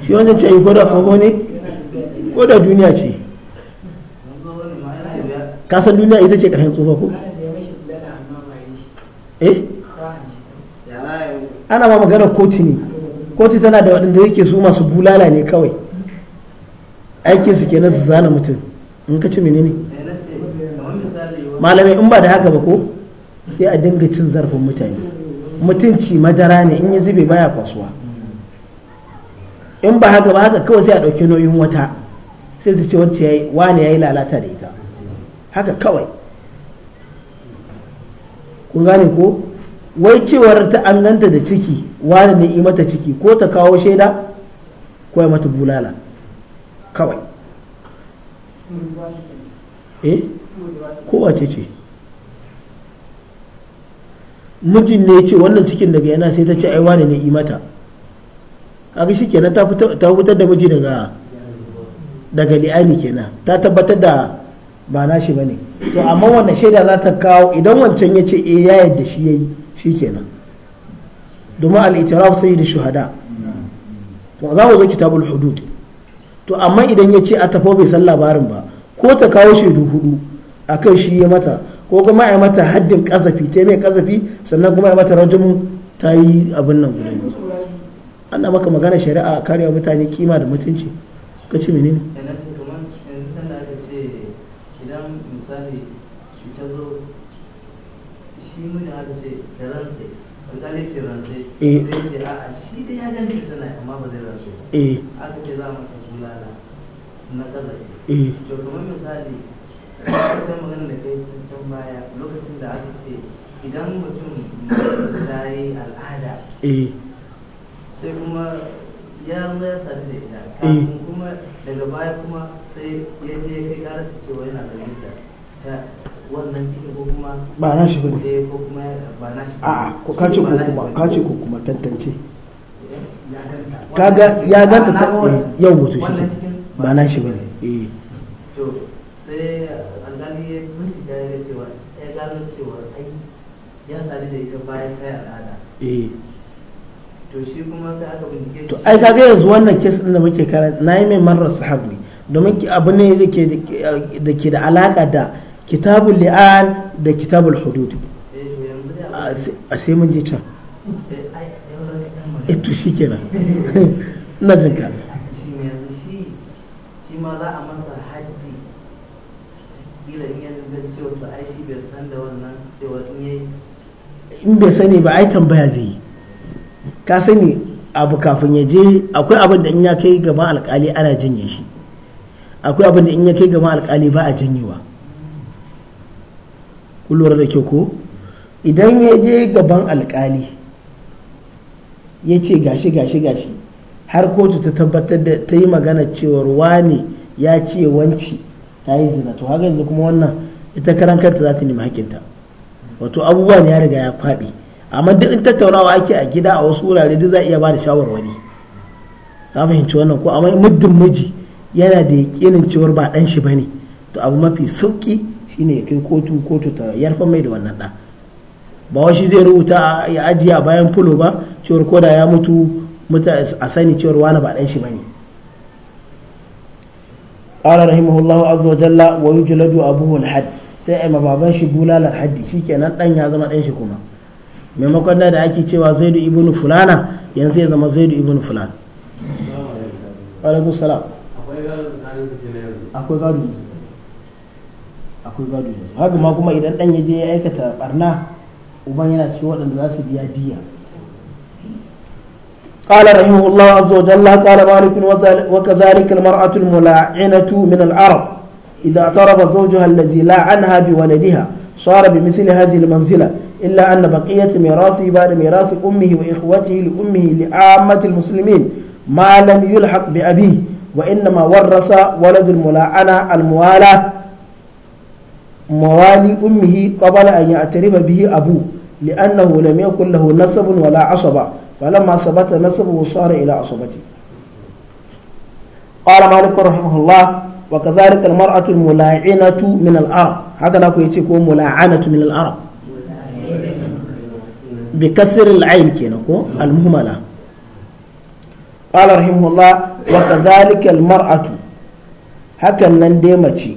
shi wancan ce ko da fago ne ko da duniya ce kasan duniya ita ce ƙarshen tsufa ko eh ana ma magana kotu ne kotu tana da waɗanda yake su masu bulala ne kawai aikin su kenan su zana mutum in ka ci menene malamai in ba da haka ba ko sai a dinga cin zarafin mutane mutunci madara ne in yi zube baya kwasuwa in ba haka ba haka kawai sai a ɗauki nauyin wata sai ta ce wacce wane ya yi lalata da ita haka kawai kun gane ko wai cewar ta an ganta da ciki wani ne mata ciki ko ta kawo shaida ko ya mata bulala kawai eh kowace ce mijin ne ya ce wannan cikin daga yana sai ta ce ai wani ne imata haka shi kenan ta fitar da miji daga daga li'ani kenan ta tabbatar da ba na shi bane to amma wannan shaida za ta kawo idan wancan ya ce eh ya yadda shi yayi shikenan domin al-itiraf sayyidu shuhada to za mu zo kitabul hudud to amma idan ya ce a tafo bai san labarin ba ko ta kawo shaidu hudu akan shi ya mata ko kuma ya mata haddin kasafi ta mai kasafi sannan kuma ya mata rajumu ta yi abin nan guda ana maka magana shari'a a karewa mutane kima da mutunci ka ce menene mini aka ce da rantsai alƙali ce rantsai eh. sai ce a'a shi da ya ganta tana amma ba zai rantsu ba eh. aka ce za a masa bulala na ƙazafi eh. to kamar misali wata magana da kai ta san baya lokacin da aka ce idan mutum ta yi al'ada sai kuma ya zo ya da ita daga baya kuma sai ya je kai yana da ta wannan ko kuma ba na shi bane ko kuma ba na shi a'a ko kace ko kuma kace ko kuma tantance kaga eh, ya ganta ta eh, yau mutu shi ba na shi bane eh. eh to sai alƙali ya da ya cewa ya gano cewa ai ya sani da ita bayan kai al'ada eh to shi kuma sai aka bincike to ai kaga yanzu wannan kes din da muke karanta nayi mai marar sahabi ne domin abu ne da ke da ke da alaka da kitabul li'an da kitabul hudud a sai mun je can eto eh, shi kenan na jin ka shi ma za a masa haddi ila in yanzu zan ce to ai shi bai san da wannan cewa in yayi in bai sani ba ai tambaya zai yi ka sani abu kafin ya je akwai abin da in ya kai gaban alkali ana janye shi akwai abin da in ya kai gaban alkali ba a janyewa ku da ke ko idan ya je gaban alkali ya ce gashi gashi gashi har kotu ta tabbatar da ta yi magana cewar wane ya ce wanci ta yi zina to haka yanzu kuma wannan ita karan zata za ta nemi hakinta wato abubuwa ne ya riga ya faɗi amma duk in tattaunawa ake a gida a wasu wurare duk za a iya ba da shawarwari ka fahimci wannan ko amma muddin miji yana da yakinin cewar ba ɗan shi ba ne to abu mafi sauƙi. shine ya kai kotu kotu ta yarfa mai da wannan ɗa ba wa shi zai rubuta ya ajiye bayan fulo ba cewar koda ya mutu a sani cewar wani ba ɗan shi ba ne قال azza wa jalla wa yujladu أبوه الحد sai ai mababan shi bulalar haddi shikenan dan ya zama dan shi kuma maimakon da ake cewa zaidu ibn fulana yanzu ya zama zaidu ibn wa alaikum salam akwai gado akwai gado yanzu haka ma kuma idan dan yaje ya aikata barna uban yana cikin waɗanda za su biya diya قال رحمه الله عز وجل قال مالك وكذلك المرأة الملاعنة من العرب إذا اعترف زوجها الذي لا عنها بولدها صار بمثل هذه المنزلة إلا أن بقية ميراثه بعد ميراث أمه وإخوته لأمه لعامة المسلمين ما لم يلحق بأبيه وإنما ورث ولد الملاعنة الموالاة موالي أمه قبل أن يعترف به أبوه لأنه لم يكن له نسب ولا عصبة فلما ثبت نسبه صار إلى عصبته قال مالك رحمه الله وكذلك المرأة الملاعنة من العرب هكذا كويتيكو ملاعنة من العرب بكسر العين كينكو المهملة قال رحمه الله وكذلك المرأة هكذا ندمتي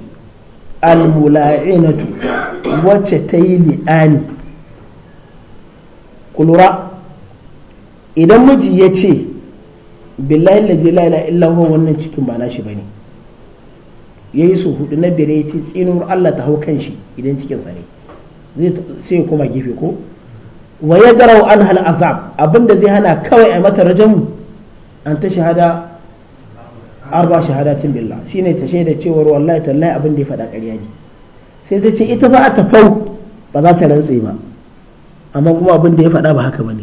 almula'inatu wacce ta yi li'ani kulura idan miji ya ce billahi lazi la illa huwa wannan cikin ba nashi ya yi su hudu na biyar ce tsinuwar Allah ta hau kanshi idan cikin sa zai sai kuma gefe ko wa an an hal azab abinda zai hana kawai a mata rajamu an ta shahada arba shahadatin billah shine ta shaida cewar wallahi tallahi abin da ya faɗa ƙarya ne sai ta ce ita ba a tafau ba za ta rantse ba amma kuma abin da ya faɗa ba haka ba ne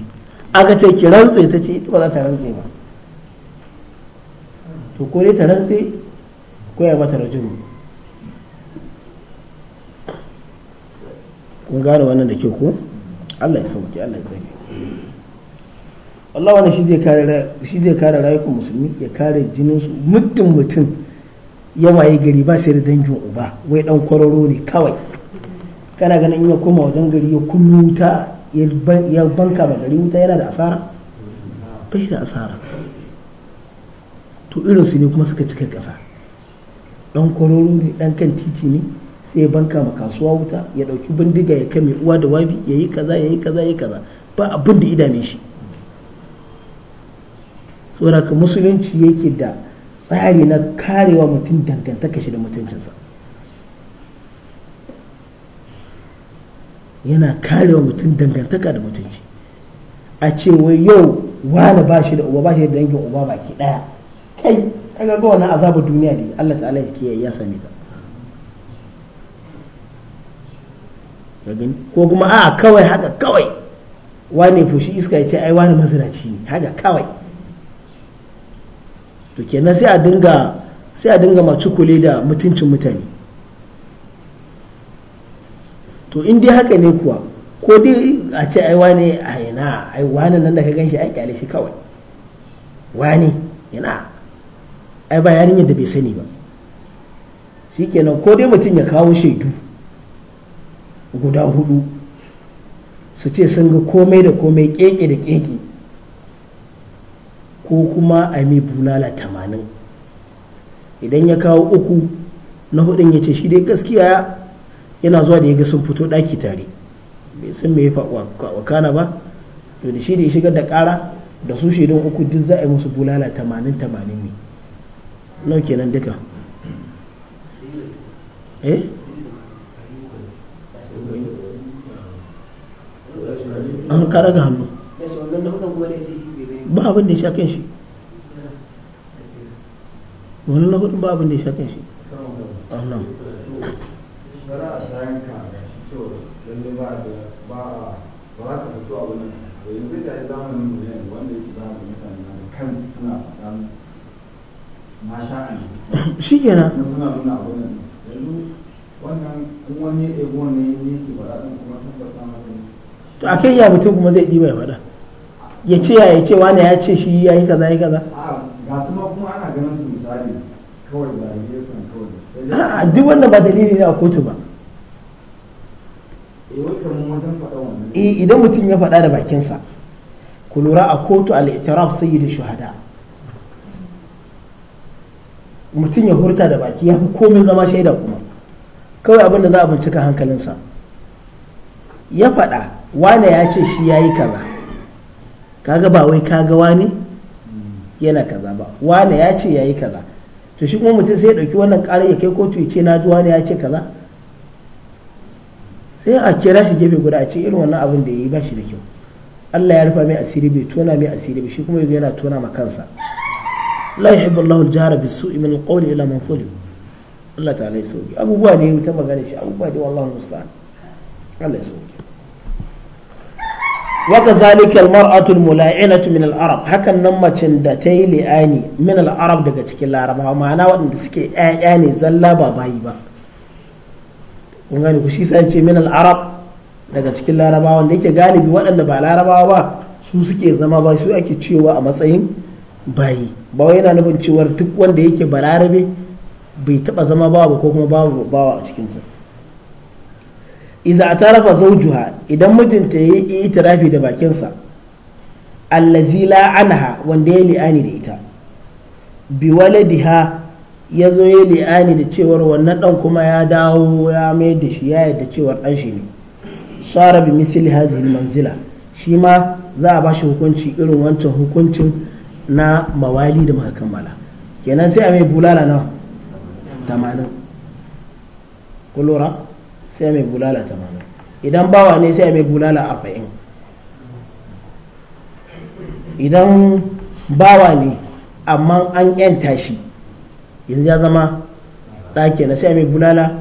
aka ce ki rantse ta ce ba za ta rantse ba to ko dai ta rantse ko ya mata rajulu kun gane wannan da ke ko Allah ya sauke Allah ya sauke Allah wani shi zai kare rayukan musulmi ya kare jininsu muddin mutum ya waye gari ba sai da dangin uba wai dan kwararo ne kawai kana ganin in ya koma wajen gari ya kunnu wuta ya banka ba gari wuta yana da asara bai da asara to irinsu ne kuma suka cika ƙasa dan kwararo ne dan kan titi ne sai ya banka ma kasuwa wuta ya dauki bindiga ya kame uwa da wabi ya yi kaza ya yi kaza ya yi kaza ba abin da idame shi saboda ka musulunci yake da tsari na karewa mutum dangantaka shi da mutuncinsa yana karewa mutum dangantaka da mutunci a ce wai yau wani ba shi da uba ba shi da dangin uba baki daya kai kaga ga wannan azabar duniya da Allah ta'ala ya ke ya same ta ko kuma a kawai haka kawai wani fushi iska ya ce ai wani mazinaci ne haka kawai to kenan sai a dinga sai a dinga da mutuncin mutane to in dai haka ne kuwa ko dai a ce ai wane a yana ai wane nan da ka ganshi ai kyale shi kawai wane yana ai ba yarinyar yadda bai sani ba shi kenan ko dai mutum ya kawo shaidu guda hudu su ce sun ga komai da komai keke da keke ko kuma a mai bulala tamanin idan ya kawo uku na hudun ya ce shi dai gaskiya yana zuwa da ya ga sun fito daki tare bai san mai ya wakana ba to da shi da ya shigar da ƙara da su shaidan uku duk za a yi musu bulala tamanin tamanin ne nau kenan duka eh? an kara ga hannu ba abin da ya sha kan shi wani na ba abin da ya sha kan shi shi kenan to a kai ya mutum kuma zai ɗiba ya faɗa ya ce ya ce wane ya ce shi ya yi kaza ya yi kaza ga su ma kuma ana ganin su misali kawai ba gefen kawai a duk wanda ba dalili ne a kotu ba eh, eh, idan mutum ya faɗa da bakinsa ku lura a kotu sai yi da shuhada mutum ya hurta da baki ya fi komai zama shaida kuma kawai abin da za a bincika hankalinsa ya faɗa wane ya ce shi ya yi kaza kaga ba wai kaga wani yana kaza ba wani ya ce ya yi kaza to shi kuma mutum sai ya dauki wannan ƙarar ya kai kotu ya ce na ji wani ya ce kaza sai a kira shi gefe guda a ce irin wannan abin da ya yi ba shi da kyau Allah ya rufa mai asiri bai tona mai asiri ba shi kuma yanzu yana tona ma kansa la yuhibbu Allahu al-jahra bis-su'i min al-qawli ila man zulim Allah ta'ala ya sauki abubuwa ne ta magana shi abubuwa da wallahi musta'an Allah ya sauki waka zalika almar'atul mula'inatu min al-arab hakan nan macen da ta yi li'ani min arab daga cikin larabawa ma'ana waɗanda suke ƴaƴa ne zalla ba bayi ba kun ku shi sai ce min arab daga cikin larabawa wanda yake galibi waɗanda ba larabawa ba su suke zama ba su ake cewa a matsayin bayi ba wai yana nufin cewar duk wanda yake balarabe bai taba zama bawa ba ko kuma ba bawa a cikinsa iza ta tarafa zaujuha idan mijinta yayi itirafi da bakinsa allazi la'anaha wanda ya li'ani da ita bi waladiha ya zo ya li'ani da cewar wannan dan kuma ya dawo ya mai da shi ya yadda cewar dan shi ne sara bi misli hadhihi manzila shi ma za a bashi hukunci irin wancan hukuncin na mawali da mahakamala kammala kenan sai a mai bulala na 80 kullura sai mai bulala tamanin idan bawa ne sai mai bulala arba'in idan bawa ne amma an yanta shi yanzu ya zama ɗake na sai mai bulala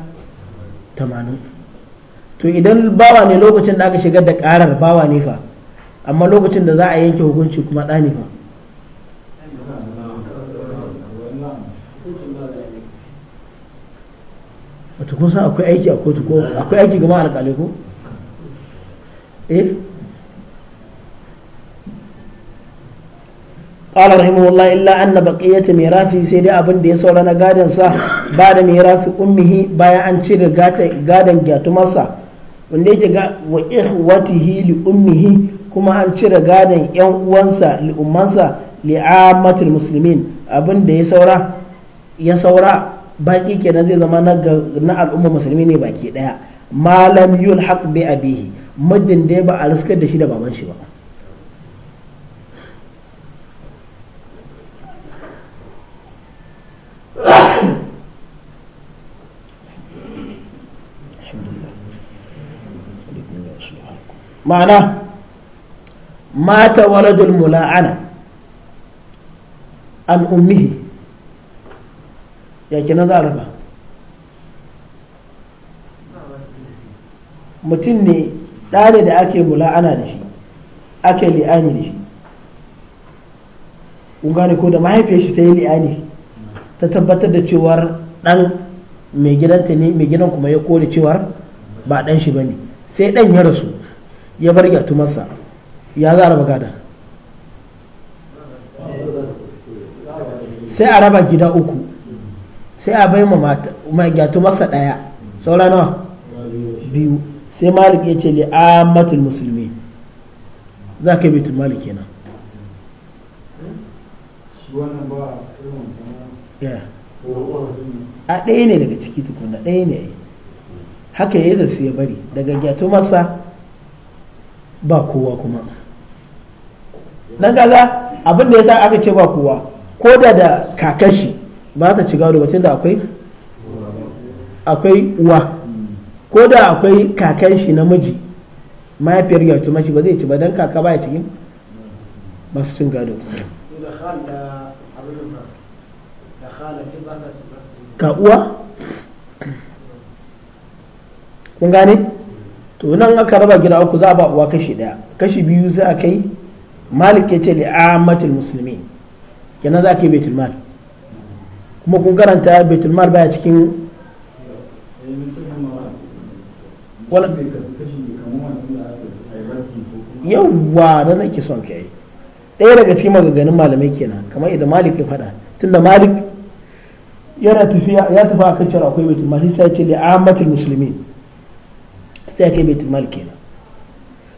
tamanin to idan bawa ne lokacin da aka shigar da ƙarar bawa ne fa amma lokacin da za a yanke hukunci kuma ɗani fa wata kun san akwai aiki a kotu ko akwai aiki gama alƙalai ko eh qala illa anna baqiyata mirathi sai dai abin da ya saura na gadan sa ba da mirathi ummihi bayan an cire gadan gatumarsa wanda yake ga wa ihwatihi li ummihi kuma an cire gadan yan uwansa li ummansa li ammatil muslimin abin da ya saura ya saura baki kenan zai zama na na al'umma musulmi ne baki daya malam yul haq bi abihi muddin da ba a riskar da shi da baban shi ba ma'ana mata waladul mula'ana an ummihi ya kenan za a raba mutum ne ɗane da ake mula'ana da shi ake li'ani da shi kun gane ko da mahaifiyar shi ta yi li'ani ta tabbatar da cewar ɗan mai gidanta ne mai gidan kuma ya kone cewar ba ɗan shi ba ne sai ɗan ya rasu ya bar gyatumarsa ya za a raba gada sai a raba gida uku sai a bai ma gyatu masa ɗaya saura nawa biyu sai malik ya ce li amatul musulmi za ka yi baitul malik kenan a ɗaya ne daga ciki tukuna ɗaya ne haka ya da su ya bari daga gyatu masa ba kowa kuma na gaga abin da ya sa aka ce ba kowa ko da da kakashi ba ta ci gado ba da akwai akwai uwa ko da akwai kakan shi namiji mahaifiyar ya tuma shi ba zai ci ba don kaka baya cikin masu cin gado ka uwa kun gane to nan aka raba gida uku za a ba uwa kashi daya kashi biyu za a kai malik ya ce li'amatul musulmi kenan za a kai baitul mali. kuma kun karanta baitul mal baya cikin yawwa da nake son kai. ɗaya daga cikin magaganin malamai kenan kamar idan malik ya faɗa tunda malik yana tafiya ya tafi akan cewa akwai baitul mal sai ce li ammatul muslimin sai kai baitul mal kenan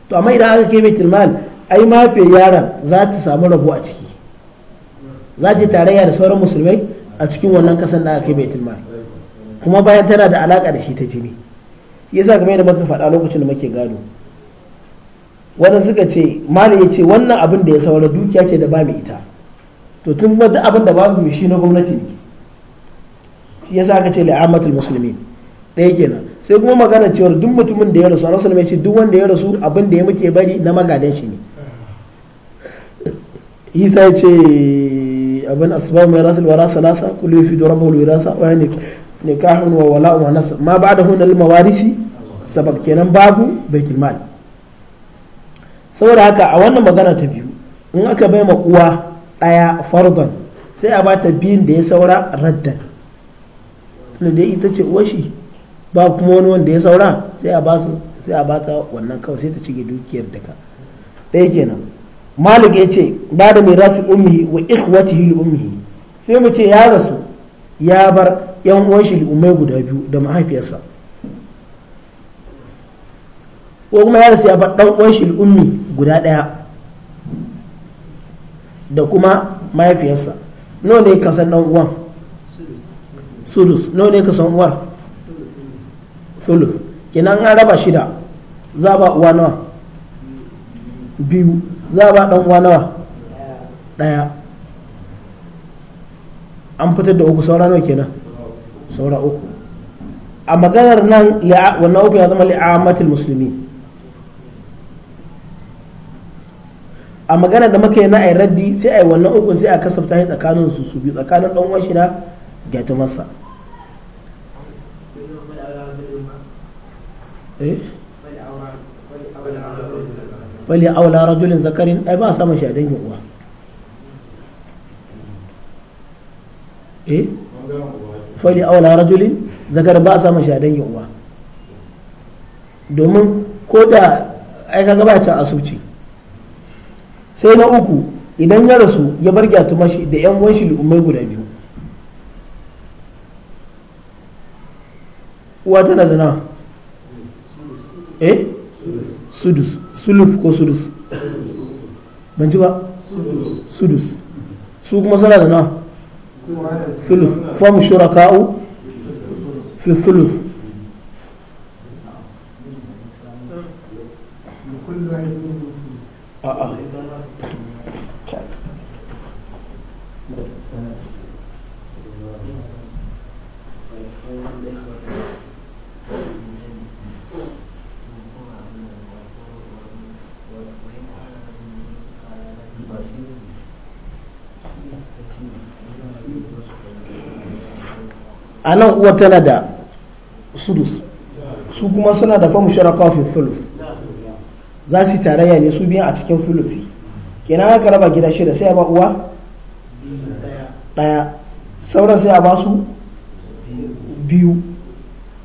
to amma idan aka kai baitul mal ai mafi yaran za ta samu rabo a ciki za ta tarayya da sauran musulmai a cikin wannan kasan da aka kai baitul mal kuma bayan tana da alaka da shi ta jini shi yasa kamar yadda muka faɗa lokacin da muke gado wannan suka ce mali ya ce wannan abin da ya saura dukiya ce da ba mu ita to tun kuma abin da ba mu shi na gwamnati ne shi yasa aka ce li'amatul muslimin ɗaya kenan sai kuma magana cewar duk mutumin da ya rasu rasul mai ce duk wanda ya rasu abin da ya muke bari na magadan shi ne isa ya ce abin asbab mai rasul rasa nasa kullu fi rabbahu alwirasa wa ne nikahun wa wala'u wa nasa ma ba'da hunal mawarisi sabab kenan babu bai mal saboda haka a wannan magana ta biyu in aka bai ma uwa ɗaya fardon sai a bata biyun da ya saura raddan tunda dai ita ce washi ba kuma wani wanda ya saura sai a bata wannan kawai sai ta cike dukiyar daga ɗaya kenan malik ya ce ba da rafi ummihi wa ikhwatihi li ummihi sai mu ce ya rasu ya bar yan uwan shi ummai guda biyu da mahaifiyarsa ko kuma ya rasu ya bar dan uwan shi ummi guda daya da kuma mahaifiyarsa nawa ne ka san dan uwan sudus nawa ne ka san uwar sulus kenan an raba shida za ba uwa nawa biyu za a ba dan uwa nawa ɗaya an fitar da uku saura nawa kenan saura uku a maganar nan wannan uku ya zama li'amatul musulmi a maganar da muka yi na ayi raddi sai a yi wannan ukun sai a kasafta shi tsakanin su su biyu tsakanin ɗan uwan shida da gyatumarsa eh fali aula rajulin zakarin ai ba samun shi a dangin uwa eh fali aula rajulin zakar ba samun shi a dangin uwa domin ko da ai kaga ba ta asubci sai na uku idan ya rasu ya bar gyatuma shi da yan shi lu'ummai guda biyu uwa tana da na eh sudus suluf ko sudus ban ji ba sudus su kuma suna da na suluf famu shuraka'u fi suluf a'a Thank you. a nan uwa tana da sudus su kuma suna da famu shara fi fuluf za su tarayya ne su biyan a cikin fulufi kenan haka raba gida shida sai a ba uwa daya sauran sai a ba su biyu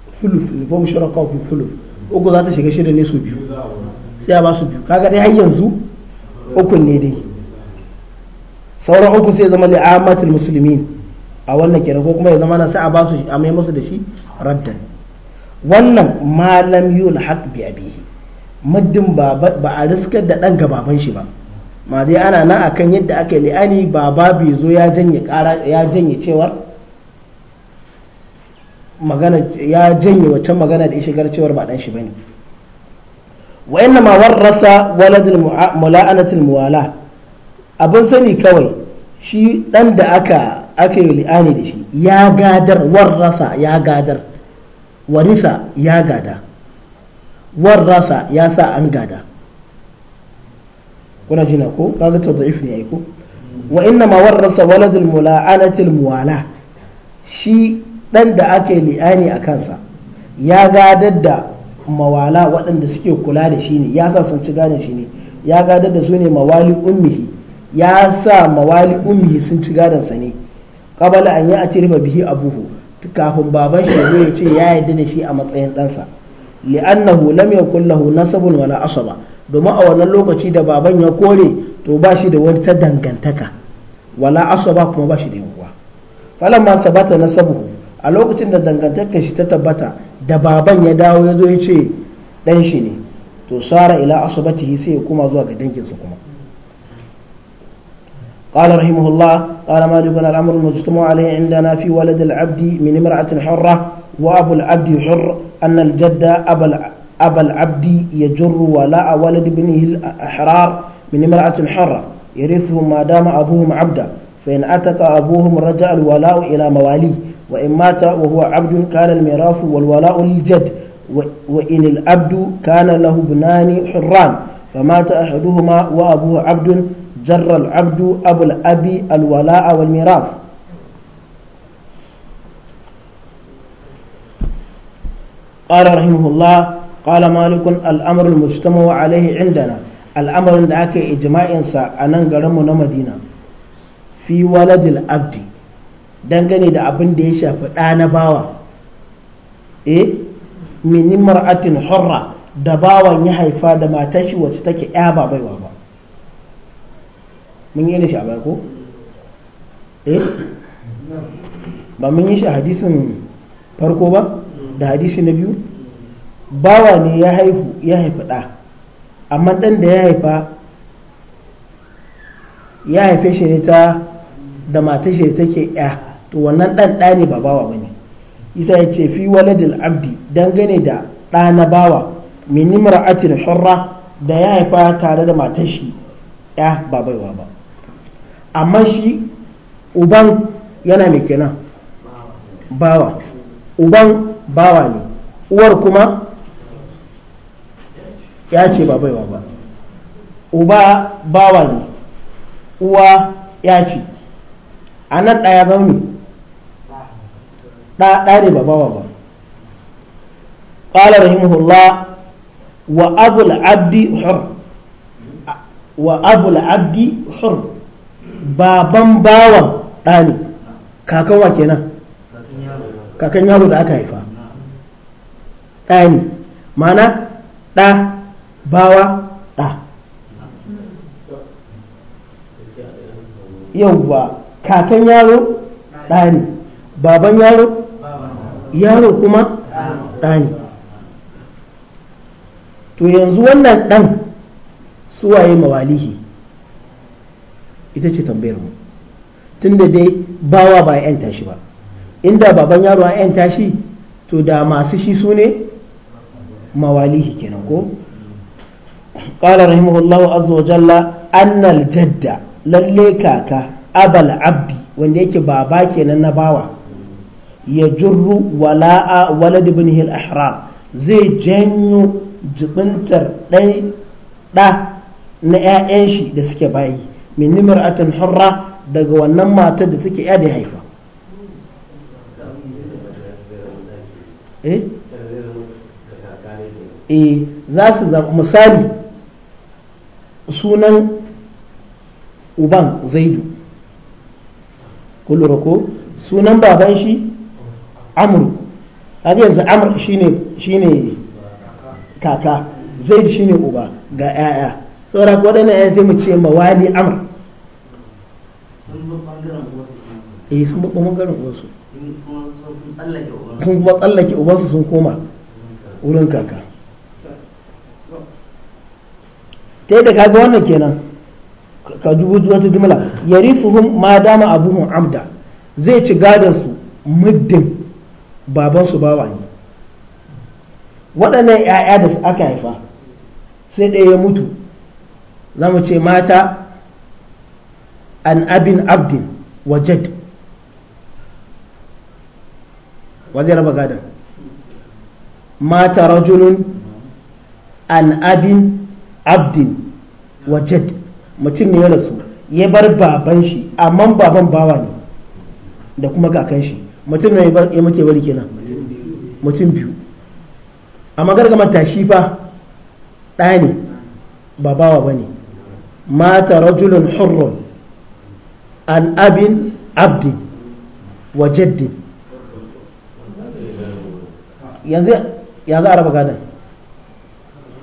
fuluf ne famu shara fi fuluf uku za ta shiga shida ne su biyu sai a ba su biyu kaga dai har yanzu uku ne dai sauran uku sai zama li'amatul musulmin a wannan kenan ko kuma ya zama na sai a ba su a mai musu da shi raddan wannan malam haq bi abihi muddin ba a riskar da dan gababan shi ba ma dai ana nan akan yadda aka yi li'ani baba bai zo ya janye kara ya janye cewar magana ya janye wata magana da ya shigar cewar ba dan shi bane wa inna ma warrasa waladul mula'anatul muwala abin sani kawai shi dan da aka aka yi li'ani da shi ya gadar warrasa ya gadar warisa ya gada warrasa ya sa an gada kuna jina ko kaga ta da'if ne aiko wa inna ma warrasa waladul mula'anatil muwala shi dan da aka yi li'ani a kansa ya gadar da mawala waɗanda suke kula da shi ne ya sa sun ci gane shi ne ya gadar da su ne mawali ummihi ya sa mawali ummihi sun ci gadansa ne qabala an ya'tirifa bihi buhu kafin baban shi ya ce ya yarda da shi a matsayin ɗansa li'annahu lam yakul lahu nasabun wala asaba domin a wannan lokaci da baban ya kore to ba shi da wani ta dangantaka wala asaba kuma ba shi da yankuwa falamma tabata nasabuhu a lokacin da dangantakar shi ta tabbata da baban ya dawo ya zo ya ce dan shi ne to sara ila asabatihi sai ya koma zuwa ga danginsa kuma قال رحمه الله قال ما مالك الأمر المجتمع عليه عندنا في ولد العبد من امرأة حرة وأبو العبد حر أن الجد أبا أبا العبد يجر ولاء ولد ابنه الأحرار من امرأة حرة يرثه ما دام أبوهم عبدا فإن أتك أبوهم رجع الولاء إلى مواليه وإن مات وهو عبد كان الميراث والولاء للجد وإن العبد كان له ابنان حران فمات أحدهما وأبوه عبد جر العبد أبو الأبي الولاء والميراث قال رحمه الله قال مالك الأمر المجتمع عليه عندنا الأمر عندك إجماع إنسا أنن قرمنا مدينة في ولد العبد dangane da abin da ya shafi ɗa na bawa eh min mar'atin hurra da bawan ya haifa da matar shi wacce take ya ba baiwa ba mun yi shi a baya ko eh ba mun yi shi a hadisin farko ba da hadisi na biyu bawa ne ya haifu ya haifi ɗa amma ɗan da ya haifa ya haife shi ne ta da mata shi take ya to wannan ɗan ɗa ne ba bawa ba ne isa ya ce fi waladil abdi dangane da ɗa na bawa minimar atin hurra da ya haifa tare da matashi ya ba baiwa ba amma shi uban yana mai kenan bawa uban bawa ne uwar kuma ya ce ba baiwa ba uba bawa ne uwa ya ce a nan ɗaya ba mu ɗaya ne ba bawa ba ƙala rahimahullah wa abu abdi hur wa abu abdi hur baban bawan ɗani kakan wa kenan kakan yaro da aka haifa ɗani mana ɗa bawa ɗa yauwa kakan yaro ɗani baban yaro yaro kuma ɗani to yanzu wannan ɗan suwaye mawalihi ita ce tambayar mu tunda dai bawa ba yan tashi ba inda baban yaro a yan tashi to da masu shi su ne mawalihi kenan ko قال azza wa jalla annal jadda Lalle Kaka, Abal Abdi wanda yake baba kenan na bawa ya jurru wala'a walad ibn hil ahram zai janyo jibintar ɗan ɗa na 'ya'yan shi da suke bayi min nimra'atin hurra daga wannan matar da take ya da haifa eh eh za su zaɓi misali sunan uban zaidu kullura ko sunan baban shi amur kaga yanzu amur shine shine kaka zaidu shine uba ga 'ya'ya saboda waɗannan 'ya'ya sai mu ce mawali amur sun babban garin uwansu sun kuma tsallake ubansu sun koma wurin kaka ta yadda kaga wannan kenan ka dubu wata jumla yarisuhum ma dama abuhum amda zai ci gadon su muddin babansu bawa ne waɗannan 'ya'ya da aka haifa sai ɗaya ya mutu za mu ce mata an abin abdin wajed jad wa raba gada mata rajulun an abin abdin wajed mutum ne ya rasu ya bar baban shi amma baban bawa ne da kuma kakan shi mutum ne ya mutu bari kenan mutum biyu amma gargamar tashi fa ɗaya ne ba bawa ba ne mata rajulun hurrun an abin abdi wa jaddi yanzu ya za a raba gane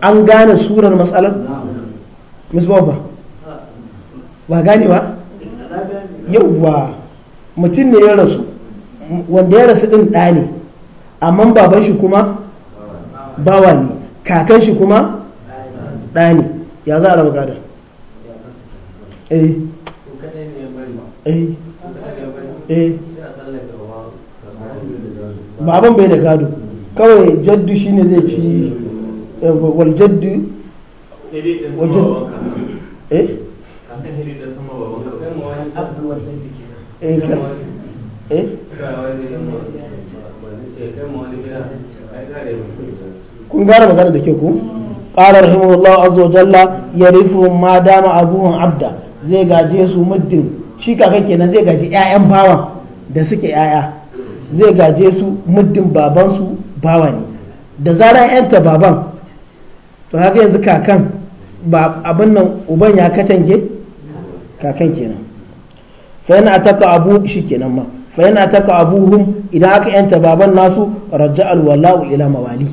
an gane surar matsalar misbah ba ba gane ba yauwa mutum ne ya rasu wanda ya rasu din ɗa ne amma baban shi kuma bawa ne kakan shi kuma ɗa ne ya za a raba gada eh eh eh ba abin bai da gado kawai jaddu shine zai ci eh, wal jaddu wal eh eh, eh? kun gara magana da ke ku rahimu allah azza wa jalla ya rufu ma dama abubuwan abda zai gaje su muddin shi kakan kenan zai gaji 'ya'yan bawan da suke 'ya'ya zai gaje su muddin babansu bawa ne da zara 'yanta baban to haka yanzu kakan ba abin nan uban ya katange kakan kenan fayyana a taka abu shi kenan ma fayyana a taka abu idan aka 'yanta baban nasu raja alwala'u ila mawali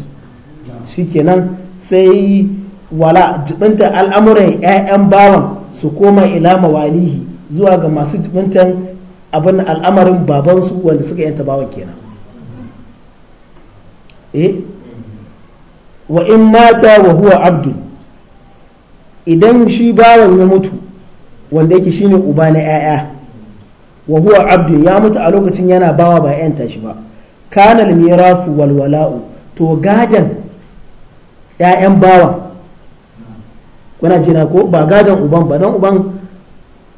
shi kenan sai wala jibinta al'amuran 'ya'yan bawan su koma ila mawalihi zuwa ga masu jibintan abin al'amarin babansu wanda suka yanta bawan kenan eh wa in mata wa huwa abdu idan shi bawan ya mutu wanda yake shine uba na 'ya'ya wa huwa abdu ya mutu a lokacin yana bawa ba 'yanta shi ba kanal mirasu wal wala'u to gadan 'ya'yan bawan kuna jina ko ba gadan uban ba dan uban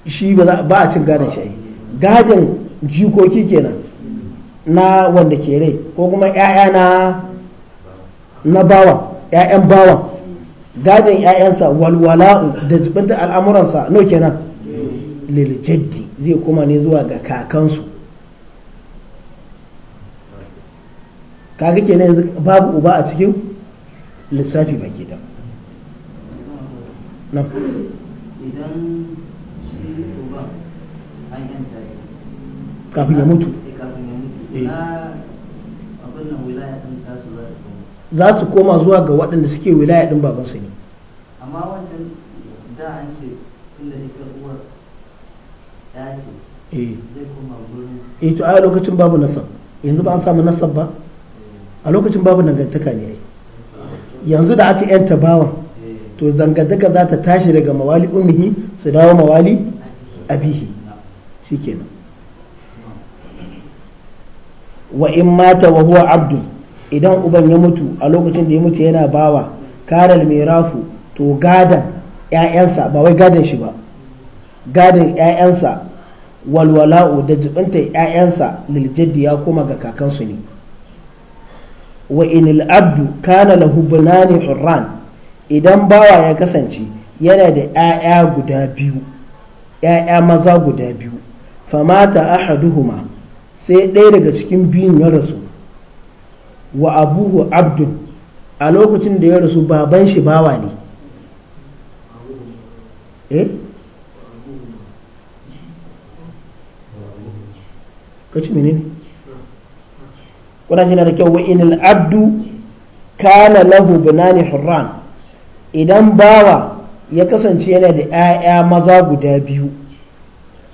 shi ba a cin gadon shi gadon jikoki kenan na wanda ke rai ko kuma 'ya'ya na na bawa 'ya'yan bawan gadon 'ya'yansa walwala da jibinta al'amuransa no kenan lil zai kuma ne zuwa ga kakansu kaga kenan babu uba a cikin lissafi ba da idan Eh, kafin ya mutu za su koma zuwa ga waɗanda suke wilaya ɗin su ne amma wancan da an ce inda ita uwar ya ce eh. zai koma gurin eh to a lokacin babu nasab yanzu ba an samu nasab ba a lokacin babu dangantaka ne yanzu da aka yanta bawan eh. to dangantaka za ta tashi daga mawali umihi su dawo mawali abihi shikenan wa in mata wa huwa abdu idan uban ya mutu a lokacin da ya mutu yana bawa karal mirafu to gadan yayansa ba wai gadan shi ba gadan yayansa walwala'u da jibinta yayansa liljaddi ya koma ga kakansu ne wa inil abdu kana lahu bunani hurran idan bawa ya kasance yana da yaya guda biyu ‘ya'ya maza guda biyu famata ahaduhuma sai ɗaya daga cikin biyun ya rasu wa abuhu abdun a lokacin da ya rasu baban shi bawa ne eh kuna jina da kyau wa inil abdu kana lahu binani hurran idan bawa ya kasance yana da 'ya'ya maza guda biyu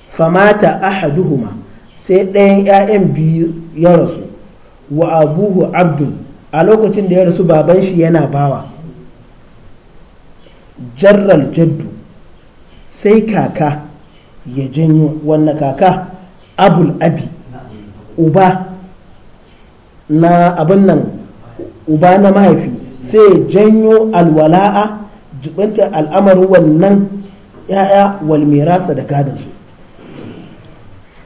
famata ahaduhuma sai ɗayan 'ya'yan biyu ya rasu wa abuhu abdul a lokacin da ya rasu baban shi yana bawa jarral jaddu sai kaka ya janyo wannan kaka abul abi uba na abin uba na mahaifi sai janyo alwala'a jibanta al'amarin wannan ya'ya wal miratsa da gadon su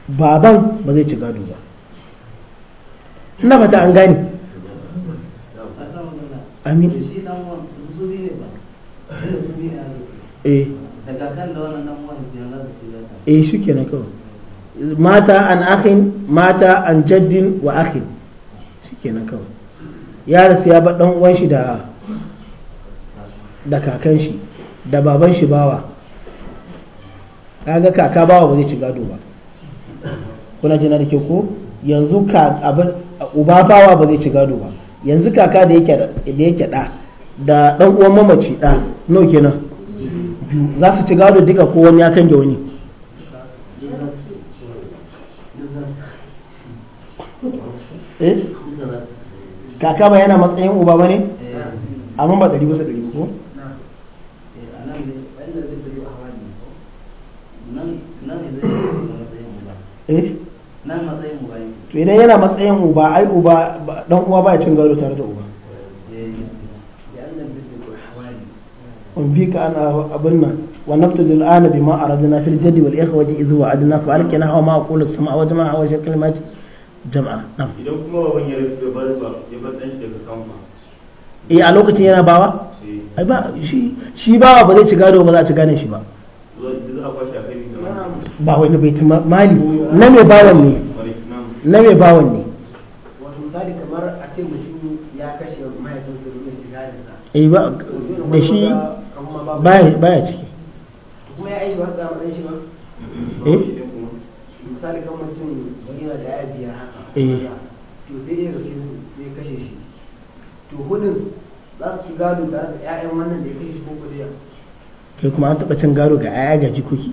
baban ba zai ci gado ba ina fata an gane amin E, eh shi kenan kawai mata an akhin mata an jaddin wa akhin shi kenan kawai ya rasu ya ba dan uwan shi da da kakan shi da baban shi bawa ga kaka bawa ba zai ci gado ba kuna jina da ke ko yanzu uba bawa ba zai ci gado ba yanzu kaka da yake da da dan uwan mamaci da no kenan za su ci gado duka ko wani ya kange wani eh? kaka ba yana matsayin uba ba ne amma ba ɗari bisa ɗari ko Eh? to idan yana matsayin uba ai uba dan uwa ba ya cin gado tare da uba on bi ka ana abin nan wa nabtadi al'ana bima aradna fil jaddi wal ikhwati idh wa'adna fa alkana hawa ma aqulu as-sama'a wa jama'a wa kalimati jama'a nam idan kuma baban ya da bar ba ya bar dan shi daga kanfa eh a lokacin yana bawa eh. ai ba shi shi bawa ba zai ci gado ba za a ci gane shi ba za a kwashi a kai ba wani bai mali na mai bawan ne na mai bawan ne wato misali kamar a ce mutum ya kashe mahaifinsa domin shiga da sa eh da shi baya baya ciki kuma ya aishi wata amurin shi ba eh misali kan mutum yana da ya biya haka eh to sai ya rasu sai ya kashe shi to hudun za su ci gado da 'ya'yan wannan da ya kashe shi ko kudiya kai kuma an taɓa cin gado ga 'ya'ya ga jikoki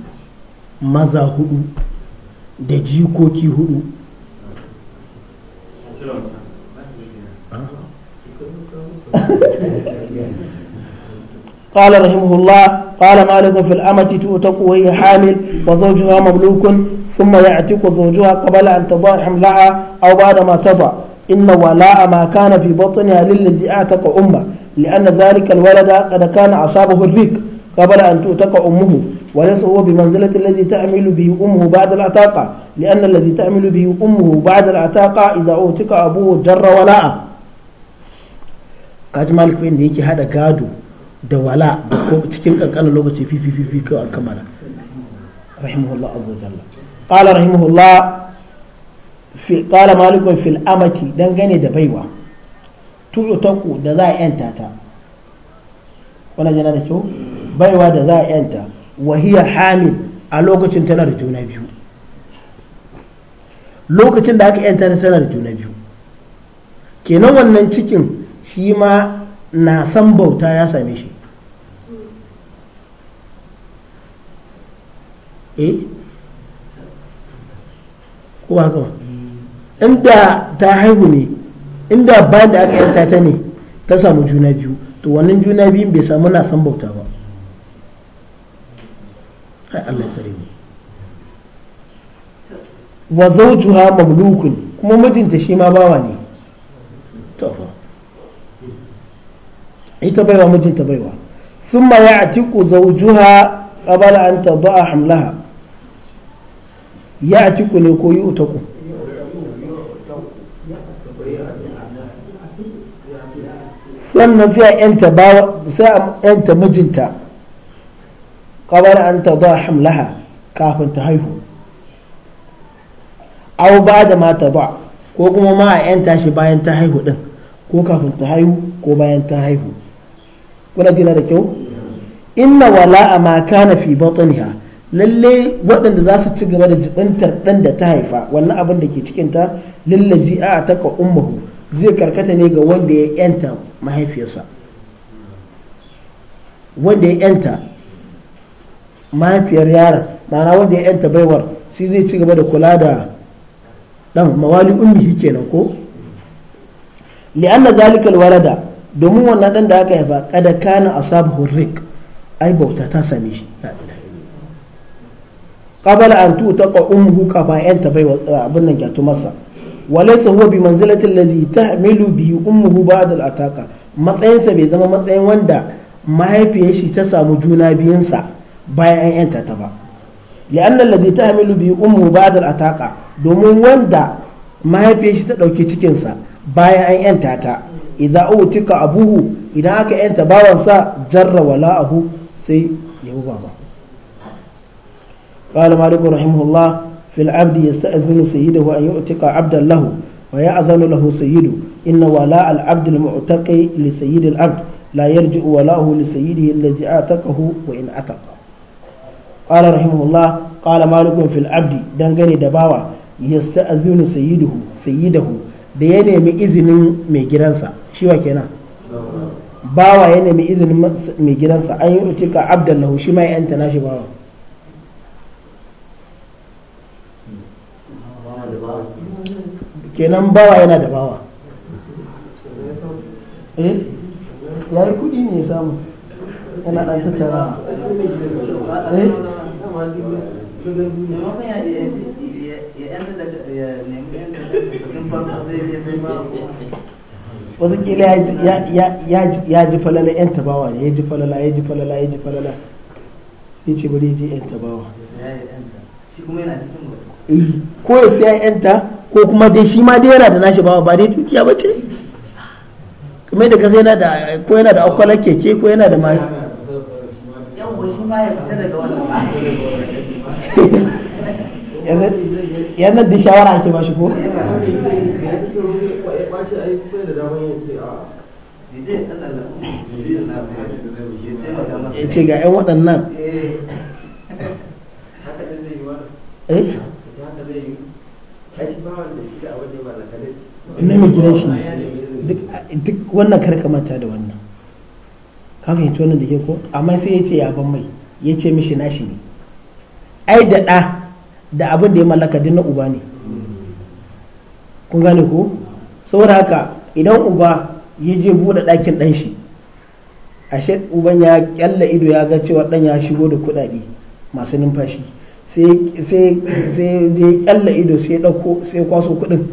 maza hudu da jikoki hudu قال رحمه الله قال مالك في الأمة تؤتق وهي حامل وزوجها مملوك ثم يعتق زوجها قبل أن تضع حملها أو بعد ما تضع إن ولاء ما كان في بطنها للذي أعتق أمه لأن ذلك الولد قد كان أصابه الريق قبل أن تؤتق أمه وليس هو بمنزلة الذي تعمل به أمه بعد العتاقة لأن الذي تعمل به أمه بعد العتاقة إذا أعتق أبوه جر ولاء kaji malik da yake hada gado da wala ko cikin kankanin lokaci fi fi an kammala rahimahullah azza jalla dangane da baiwa tuyo taku da za a yanta baiwa da za a yanta Wahiyar hiya hamil a lokacin tana da juna biyu lokacin da aka yanta tana da juna biyu kenan wannan cikin shi ma na san bauta ya same shi eh ko haka inda ta haihu ne inda bayan da aka yanta ta ne ta samu juna biyu to wannan juna biyun bai samu na san bauta ba kai Allah ya tsare wa zawjuha mamlukun kuma mijinta shi ma bawa ne to fa ita baiwa mijinta baiwa thumma ya'tiqu zawjuha qabla an tad'a hamlaha ya'tiqu ne ko yu'taku sannan sai a yanta mijinta qabl an tada hamlaha kafin ta haihu aw da ma tada ko kuma ma a yanta shi bayan ta haihu din ko kafin ta haihu ko bayan ta haihu kuna jina da kyau inna wala'a ma kana fi batniha lallai waɗanda za su ci gaba da jibintar ɗan da ta haifa wannan abin da ke cikin ta lallazi a taka ummuhu zai karkata ne ga wanda ya yanta mahaifiyarsa mahaifiyar yaron ma'ana wanda ya yanta baiwar shi zai ci gaba da kula da dan mawali ummihi kenan ko anna zalika alwalada domin wannan dan da aka haifa kada kana asabahu rik ai bauta ta same shi qabala an tutaqa ummuhu ba yanta baiwar abin nan kyatu masa walaysa huwa bi manzilati allazi tahmilu bi ummuhu ba'da al-ataqa matsayinsa bai zama matsayin wanda mahaifiyar shi ta samu juna biyunsa bayan an yanta ta ba li'anna allazi hamilu biyu ummu ba'da al-ataqa domin wanda mahaifiyar shi ta dauke cikin sa bayan an yanta ta idza utika abuhu idan aka yanta bawansa jarra wala abu sai ya buga ba قال مالك رحمه الله في العبد يستأذن سيده أن يؤتق عبدا له ويأذن له سيده إن ولاء العبد المعتق لسيد العبد لا يرجع ولاؤه لسيده الذي أعتقه وإن أعتق قال rahimahullah الله malikun fil abdi dangane da bawa yasta'zinu سيده سيده da ya nemi izinin mai gidansa shi kenan bawa ya nemi izinin mai gidansa an yi shi kenan bawa yana da bawa eh yayi kudi ne samu yana ɗan tattara eh ya ji falala 'yan tabawa ne ya ji falala ya ji falala ya ji falala sai ce bari ji 'yan tabawa ko ya sai ta ko kuma dai shi ma dai yana da nashi bawa ba dai dukiya ba ce kamar da sai yana da ko yana da akwala keke ko yana da mari yanzu da shawara ake ba ko ya ce ga 'yan waɗannan eh? shi duk wannan da wannan kafin fahimci wannan da ke ko amma sai ya ce ya ban mai ya ce mishi nashi ne ai da ɗa da abin da ya mallaka duk na uba ne kun gane ko saboda haka idan uba ya je buɗe ɗakin ɗan shi ashe uban ya kyalla ido ya ga cewa ɗan ya shigo da kuɗaɗe masu numfashi sai ya kyalla ido sai ɗauko sai kwaso kuɗin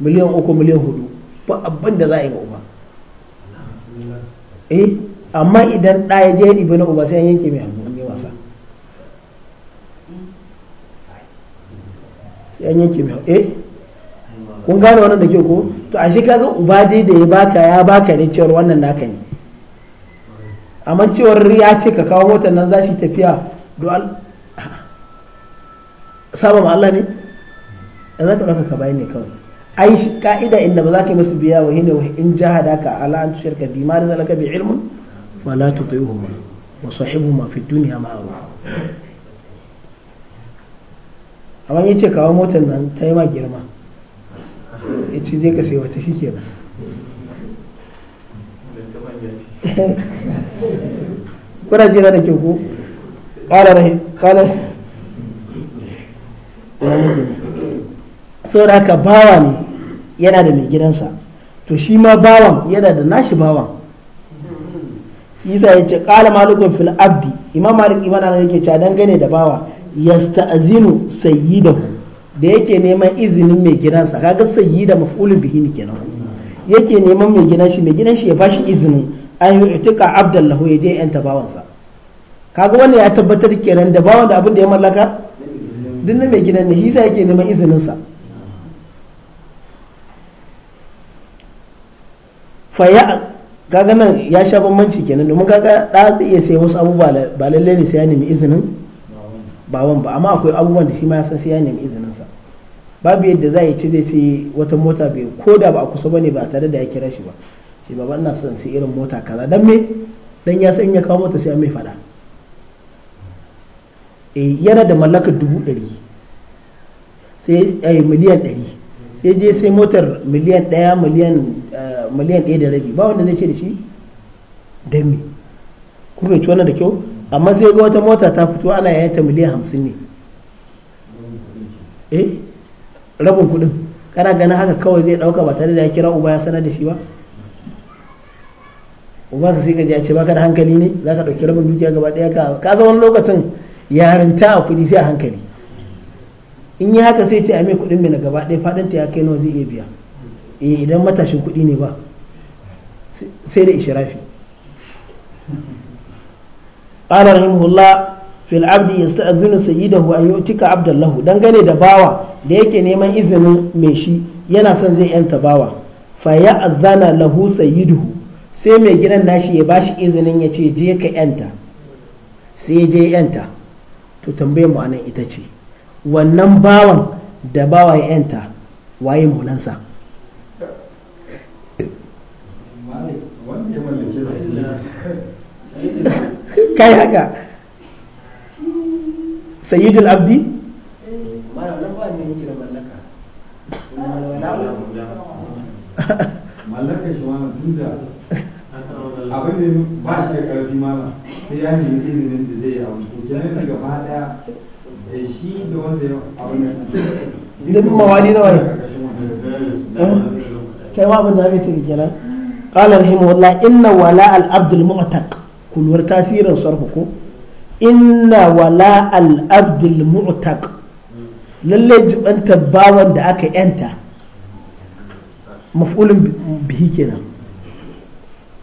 miliyan uku miliyan hudu ba abin da za a yi wa uba eh amma idan ɗaya je ya ɗibi na uba sai yanke mai hannu yan yanke mai eh kun gane wannan da ke ko to ashe kaga uba dai da ya baka ya baka ne cewar wannan naka ne amma cewar ya ce ka kawo motar nan za shi tafiya don saba ma Allah ne da za ka ɗauka ka bayan ne kawai ai ka'ida inda ba za ka yi musu biya wa hine wa in jahada ka ala an tushar ka ma zalaka bi ilmun wala tuti'uhuma wa sahibuhuma fi duniya ma'ruf amma ya ce kawo motar nan ta yi ma girma ya ce je ka sai wata shi ke (laughs) kuna jira da ke ku ƙala rahi Sau da haka bawa ne yana da mai gidansa to shi ma bawan yana da nashi bawan isa ya ce kala malikun fil abdi imam malik imana ne yake cewa dangane da bawa yasta azinu sayyidahu da yake neman izinin mai gidansa kaga sayyida maf'ulun bihi ne kenan yake neman mai gidan shi mai gidan shi ya bashi izinin an yi itika abdallahu ya je yan tabawansa kaga wannan ya tabbatar kenan da bawan da abin da ya mallaka duk na mai gidan ne shi yake neman izinin sa ya kaga nan ya sha bambanci kenan domin kaga da zai iya sai wasu abubuwa ba lalle ne sai ya nemi izinin ba wan ba amma akwai abubuwan da shi ma ya san sai ya nemi izinin sa babu yadda za ya ci zai sai wata mota bai koda ba a kusa bane ba tare da ya kira shi ba ce baba ina son sai irin mota kaza dan me dan ya san ya kawo mota sai mai fada eh yana da mallakar dubu ɗari sai ai eh, miliyan ɗari sai je sai motar miliyan ɗaya miliyan eh, miliyan ɗaya da rabi ba wanda zai ce da shi dan me kuma ci wannan da kyau amma sai ga wata mota ta fito ana yayin ta miliyan hamsin ne eh rabin kuɗin kana ganin haka kawai zai ɗauka ba tare da ya kira uba ya sanar da shi ba uba ka sai ka ji a ce baka da hankali ne za ka ɗauki rabin dukiya gaba daya ka ka san wani lokacin yarinta a kuɗi sai a hankali in yi haka sai ce a mai kuɗin mina gaba fadin ta ya kai nawa zai iya biya eh idan matashin kuɗi ne ba sai da ishirafi قال رحمه الله في العبد يستأذن سيده أن يؤتك dangane له da bawa da yake neman izinin mai shi yana son zai yanta bawa fa ya'zana lahu sayyiduhu sai mai gidan nashi ya bashi izinin ya ce je ka yanta sai ya yanta to tambayar mu anan ita ce wannan bawan da bawa ya yanta waye mulansa kai haka sayyidul abdi mallakar shi mana tun abin da ba shi da karfi mana sai ya izinin da zai to gaba daya da shi da wanda ya da mawali eh? kai ma abin da ce kenan قال رحمه الله إن ولاء العبد المعتق kulwar tasirin sarfa ko inna wala al mu'taq lalle jibanta bawan da aka yanta maf'ulun bihi kenan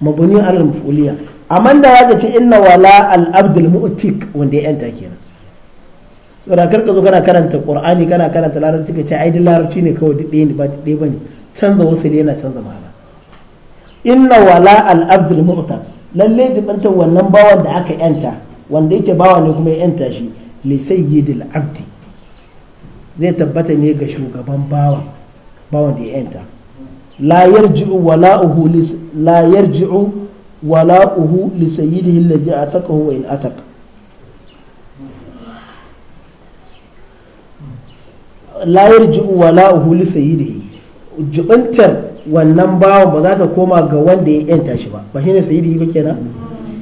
mabuni alal maf'uliya amma da ya ce inna wala al-abdul mu'tiq wanda ya yanta kenan saboda karka zo kana karanta qur'ani kana karanta larabci ka ce ai da larabci ne kawai duk ne ba duk ɗaya bane canza wasu ne yana canza ma'ana inna wala al-abdul lalle jibantar wannan bawan da aka yanta wanda yake bawa ne kuma ya yanta shi yi da abdi zai tabbata ne ga shugaban bawan bawan da ya yanta Layar ji'u wala'uhu uhu yarji'u wala'uhu li sayyidihi a taka huwa in Atak layar yarji'u wala'uhu li sayyidihi jibantar wannan bawan ba za ta koma ga wanda ya yanta shi ba ba shine sayyidihi ba kenan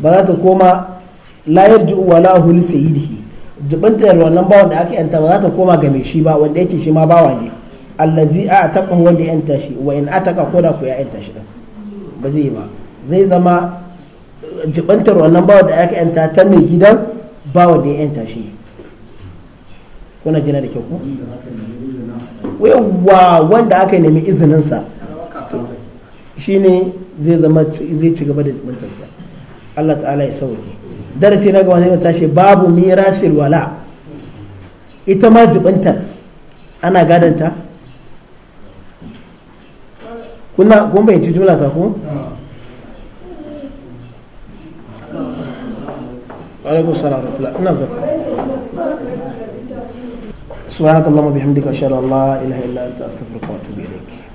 ba za ta koma la yarji'u wala la hul sayyidihi jibantar wannan bawan da aka yanta ba za ta koma ga mai shi ba wanda yake shi ma bawa ne allazi ataka wanda ya yanta shi wa in ataka ko da ku ya yanta shi ba zai ba zai zama jibantar wannan bawan da aka yanta ta mai gidan bawan da ya yanta shi kuna jina da kyau ko wa wanda aka nemi izininsa shi ne zai zama zai ci gaba da jibantarsa Allah ta'ala ya sauke darasi na gaba zai tashi babu mirasil wala ita ma jibantar ana gadanta kuna kun bayyanci jumla ta ko alaikum salam ina da سبحانك اللهم وبحمدك اشهد ان لا اله الا انت استغفرك واتوب اليك